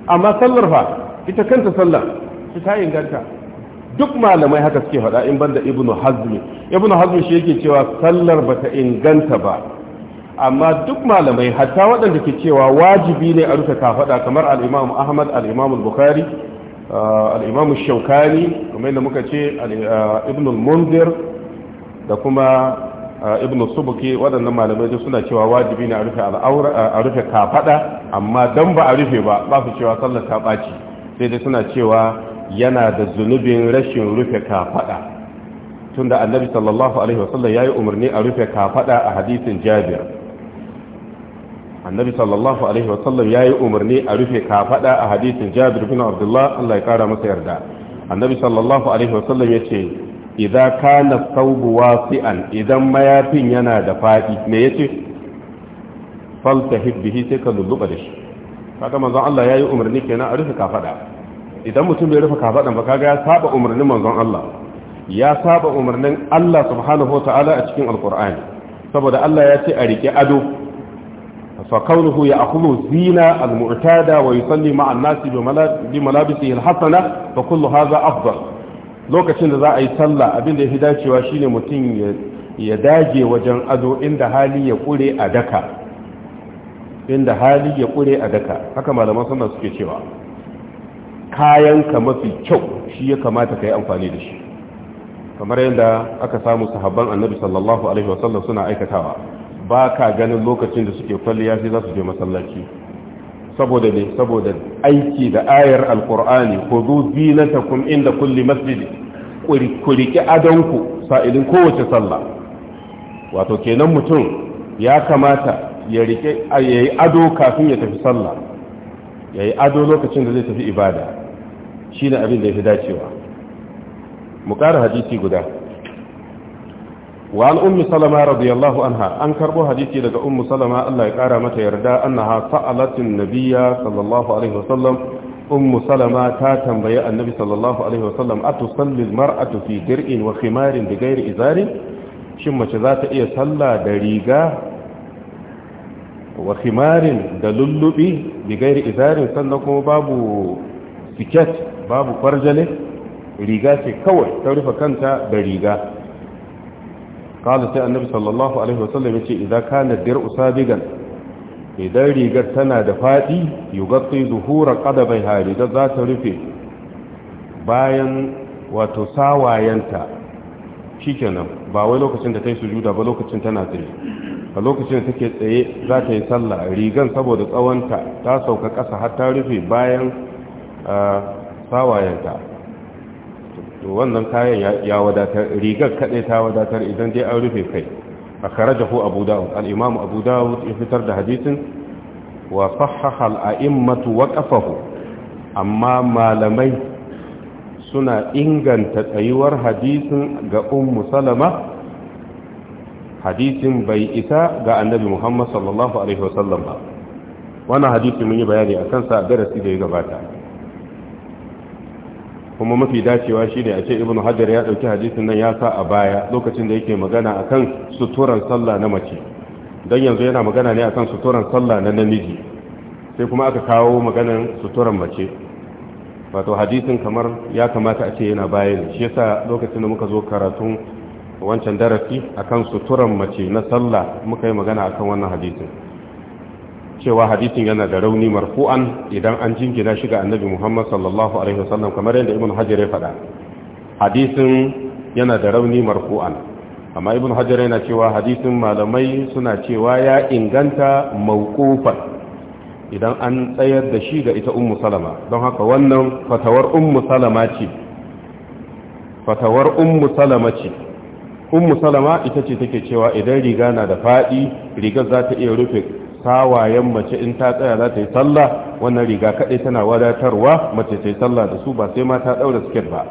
amma sallar fa ita kanta sallah ta inganta duk malamai haka suke faɗa in banda ibnu hazmi ibnu hazmi shi yake cewa sallar bata inganta ba amma duk malamai hatta waɗanda ke cewa wajibi ne a rufe kafada kamar al-imam ahmad al-imam bukhari uh, al-imam shaukani kamar yadda muka ce uh, Ibnu al-mundir da kuma uh, Ibnu subuki waɗannan malamai duk suna cewa wajibi ne a rufe kafaɗa amma dan ba a rufe ba ba su cewa sallar ta ɓaci sai dai suna cewa yana da zunubin rashin rufe kafada tunda annabi sallallahu alaihi wasallam yi umarni a rufe kafada a hadisin Jabir annabi sallallahu alaihi wasallam yi umarni a rufe kafada a hadisin Jabir bin Abdullah Allah ya kara masa yarda annabi sallallahu alaihi wasallam yace idza kana thawbu wasi'an idan mayafin yana da fadi me ya yace faltahib bihi sai ka lulluba da shi kaga manzon Allah ya yi umarni kenan a rufe kafada idan mutum bai rufe kafaɗan ba kaga ya saba umarnin manzon Allah ya saba umarnin Allah subhanahu wataala a cikin Alƙur'ani. saboda Allah ya ce a rike ado fa kaunuhu ya'khudhu zina al-mu'tada wa yusalli ma'a an-nasi bi malabisihi al-hasana fa kullu hadha afdal lokacin da za a yi sallah abin da ya fi dacewa shine mutum ya dage wajen ado inda hali ya kure a daka inda hali ya kure a daka haka malaman sunna suke cewa kayanka mafi kyau shi ya kamata ka yi amfani da shi kamar yadda aka samu sahabban annabi sallallahu alaihi wasallam suna aikatawa ba ka ganin lokacin da suke kwalliya sai za su je masallaci saboda ne saboda aiki da ayar alkur'ani ko zinata zinatakum inda kulli masjid ku adonku sa'ilin kowace sallah wato kenan mutum ya kamata ya rike yayi ado kafin ya tafi sallah yi ado lokacin da zai tafi ibada Shi ne abin da ya fi dacewa mu ƙara hadisi guda wa al'ummi salama radiyallahu anha an karbo hadisi daga ummu salama Allah ya ƙara mata yarda annaha fa'alatin Nabiya sallallahu alaihi wasallam ummu salama ta tambayi annabi sallallahu alaihi wasallam atusalli mar'atu fi dir'in wa khimarin bighairi izarin shin mace za ta iya sallah da riga wa khimarin da lullubi bighairi izari, sannan kuma babu siket babu kwarjale riga ce kawai ta rufe kanta da riga kala sai annabi sallallahu alaihi wasallam ya ce idan kana dir'u sabigan idan rigar tana da fadi yugatti zuhura qadabai ha riga za ta rufe bayan wato sawayenta shikenan ba wai lokacin da ta yi sujuda ba lokacin tana tsaye a lokacin da take tsaye za ta yi sallah rigan saboda tsawonta ta sauka ƙasa har ta rufe bayan ah, sawayenka to wannan kayan ya wadatar rigar kaɗai ta wadatar idan dai an rufe kai a kare da abu dawud al'imamu abu dawud ya fitar da hadisin wa sahahal a'immatu wa ƙafahu amma malamai suna inganta tsayuwar hadisin ga ummu salama hadisin bai isa ga annabi muhammad sallallahu alaihi wasallam ba wannan hadisi mun yi bayani a kansa a darasi da ya gabata kuma mafi dacewa shine a ce ibn hajar ya dauki hadisin nan ya sa a baya lokacin da yake magana akan suturan sallah na mace dan yanzu yana magana ne akan suturan sallah na namiji sai kuma aka kawo maganan suturan mace wato hadisin kamar ya kamata a ce yana baya ne shi yasa lokacin da muka zo karatun wancan darasi akan suturan mace na sallah muka yi magana akan wannan hadisin cewa hadisin yana da rauni marfu'an idan an jingina shiga annabi Muhammad sallallahu alaihi wasallam kamar yadda Ibn Hajar ya faɗa hadisin yana da rauni marfu'an amma Ibn Hajar yana cewa hadisin malamai suna cewa ya inganta mawqufan idan an tsayar da shi ga ita ummu salama don haka wannan fatawar ummu salama ce fatawar ummu salama ce ummu salama ita ce take cewa idan riga na da faɗi rigar za ta iya rufe sawayen mace in ta tsaya za ta yi sallah wannan riga kaɗai tana wadatarwa mace ta yi sallah da su ba sai ma ta ɗaura siket ba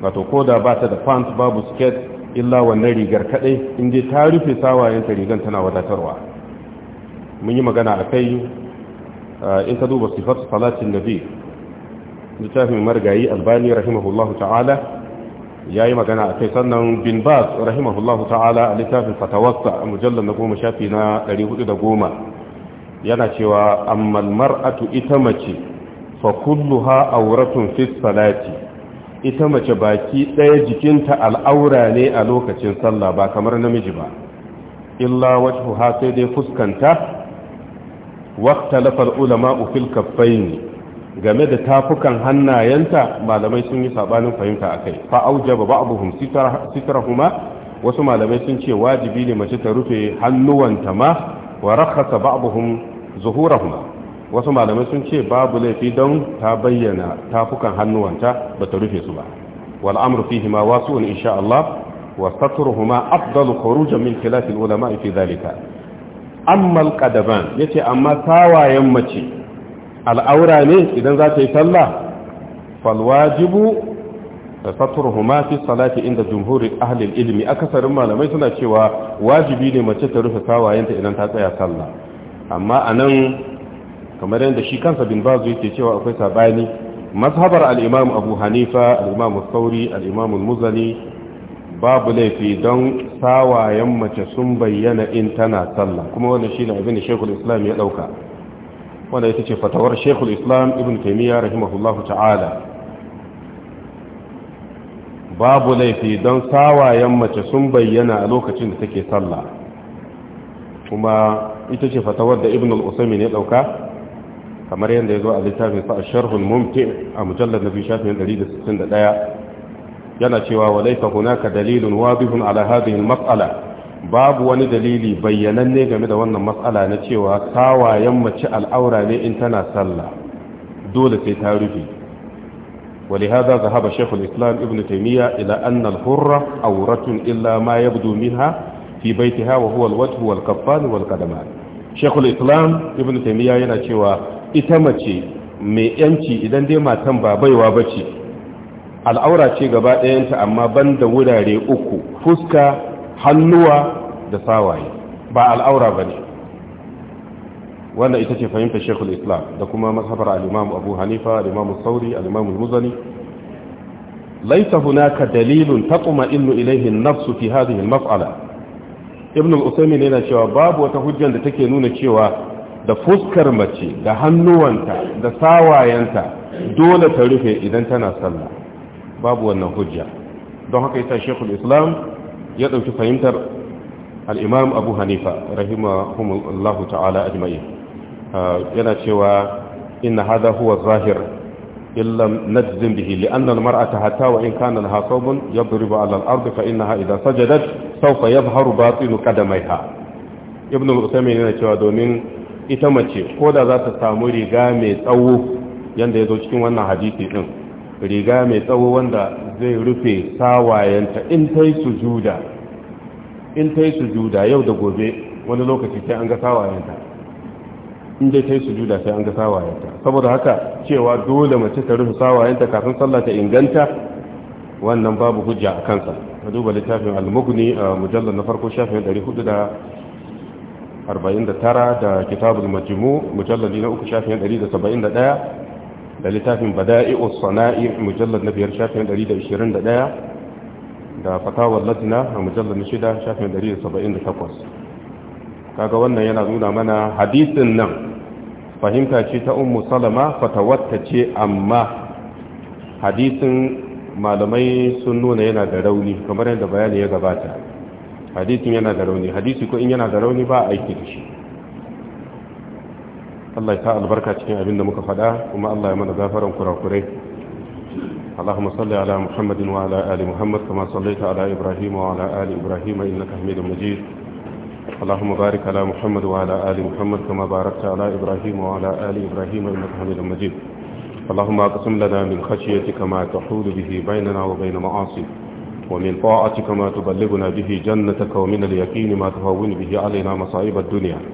wato ko da ba ta da pants babu siket illa wannan rigar kaɗai in dai ta rufe sawayenta rigar tana wadatarwa mun yi magana a kai eh, in ka duba sifar salatin nabi littafin margayi albani rahimahullahu ta'ala ya yi magana a kai sannan bin bas rahimahullahu ta'ala a littafin fatawarsa a mujallar na goma shafi na 410 yana cewa ammal mar'atu ita mace fa kulluha auratun fi salati ita mace baki ɗaya jikinta al'aura ne a lokacin sallah ba kamar namiji ba illa wajhuha sai dai fuskanta waqtalafa ulama fil ne. game da tafukan hannayenta malamai sun yi sabanin fahimta a kai fa aujaba abuhum sitarahuma wasu malamai sun ce wajibi ne mace ta rufe hannuwanta ma wa rakhasa ba'dhum zuhurahuma wasu malamai sun ce babu laifi don ta bayyana tafukan hannuwanta ba ta rufe su ba wal amru fihi ma wasu'un insha Allah wa satruhuma afdalu khurujan min khilaf ulama fi dhalika amma al qadaban yace amma tawayen mace al'aura ne idan za ta yi sallah falwajibu da saturhuma fi salati inda jumhurin ahlil ilimi akasarin malamai suna cewa wajibi ne mace ta rufe sawayenta idan ta tsaya sallah amma a nan kamar yadda shi kansa bin bazu yake cewa akwai sabani mazhabar al'imam abu hanifa al'imam sauri al'imam muzani babu laifi don sawayen mace sun bayyana in tana sallah kuma wannan shine abin da shekul islam ya ɗauka. wanda ita ce fatawar shekul islam ibn taimiyya rahimahullahu ta'ala babu laifi don sawayen mace sun bayyana a lokacin da take sallah kuma ita ce fatawar da ibn al'usami ne ɗauka kamar yadda ya zo a littafin sa a sharhun mumti a mujallar na biyu 161 yana cewa wa laifa hunaka dalilun wadihun ala hadhihi al-mas'ala babu wani dalili bayyananne game da wannan matsala na cewa tawayen mace al'aura ne in tana sallah dole sai ta rufe ولهذا ذهب شيخ الإسلام ابن تيمية إلى أن الحرة عورة إلا ما يبدو منها في بيتها wal الوجه والكفان والقدمان شيخ islam ibn taimiyya yana cewa ita mace mai yanci idan dai matan ba baiwa bace al'aura ce gaba ɗayanta amma banda wurare uku fuska hannuwa da sawaye ba al'aura ba ne wanda ita ce fahimtar shekul islam da kuma masafar al'imamu abu hanifa al'imamu sauri al'imamu muzani laisa hunaka dalilun taquma innu ilaihi nafsu fi hadhihi masala ibn al-usaymin yana cewa babu wata hujjan da take nuna cewa da fuskar mace da hannuwanta da sawayenta dole ta rufe idan tana sallah babu wannan hujja don haka yasa shekul islam ya ɗauki fahimtar al'imam abu hanifa rahimahumullahu ta'ala ajma'i ah, yana cewa inna hada huwa zahir illam najzin bihi li'anna marata hatta wa in kana laha thawbun yadribu 'ala al-ardi fa innaha idha sajadat sawfa yadhharu batinu qadamayha ibn al-usaymin yana cewa domin ita mace ko da za ta samu riga mai tsawo yanda ya zo cikin wannan hadisi din riga mai tsawo wanda zai rufe sawayenta in ta yi sujuda in ta yi sujuda yau da gobe wani lokaci sai an ga sawayenta in dai ta yi sujuda sai an ga sawayenta saboda haka cewa dole mace ta rufe sawayenta kafin sallah ta inganta wannan babu hujja a kansa ka duba littafin al-mughni a mujallar na farko shafin 449 da kitabul majmu mujallar na uku shafin 171 da littafin bada'i'u sana'i mujallad na biyar shafin 121 da fatawar latina a mujallad na shida shafin 178 kaga wannan yana nuna mana hadisin nan fahimta ce ta umu salama fatawarta ce amma hadisin malamai sun nuna yana da rauni kamar yadda bayani ya gabata hadisin yana da rauni hadisi ko in yana da rauni ba aiki da shi Allah ya albarka cikin abin da muka faɗa kuma Allah ya mana gafaran kurakurai Allahumma salli ala Muhammadin wa ala ali Muhammad kama sallaita ala Ibrahim wa ala ali Ibrahim innaka Hamidum Majid Allahumma barik ala Muhammad wa ala ali Muhammad kama barakta ala Ibrahim wa ala ali Ibrahim innaka Hamidum Majid Allahumma aqsim lana min khashyatika ma tahulu bihi baynana wa bayna ma'asik wa min ta'atika ma tuballighuna bihi jannatak wa min al-yaqin ma bihi alayna masa'ib ad-dunya al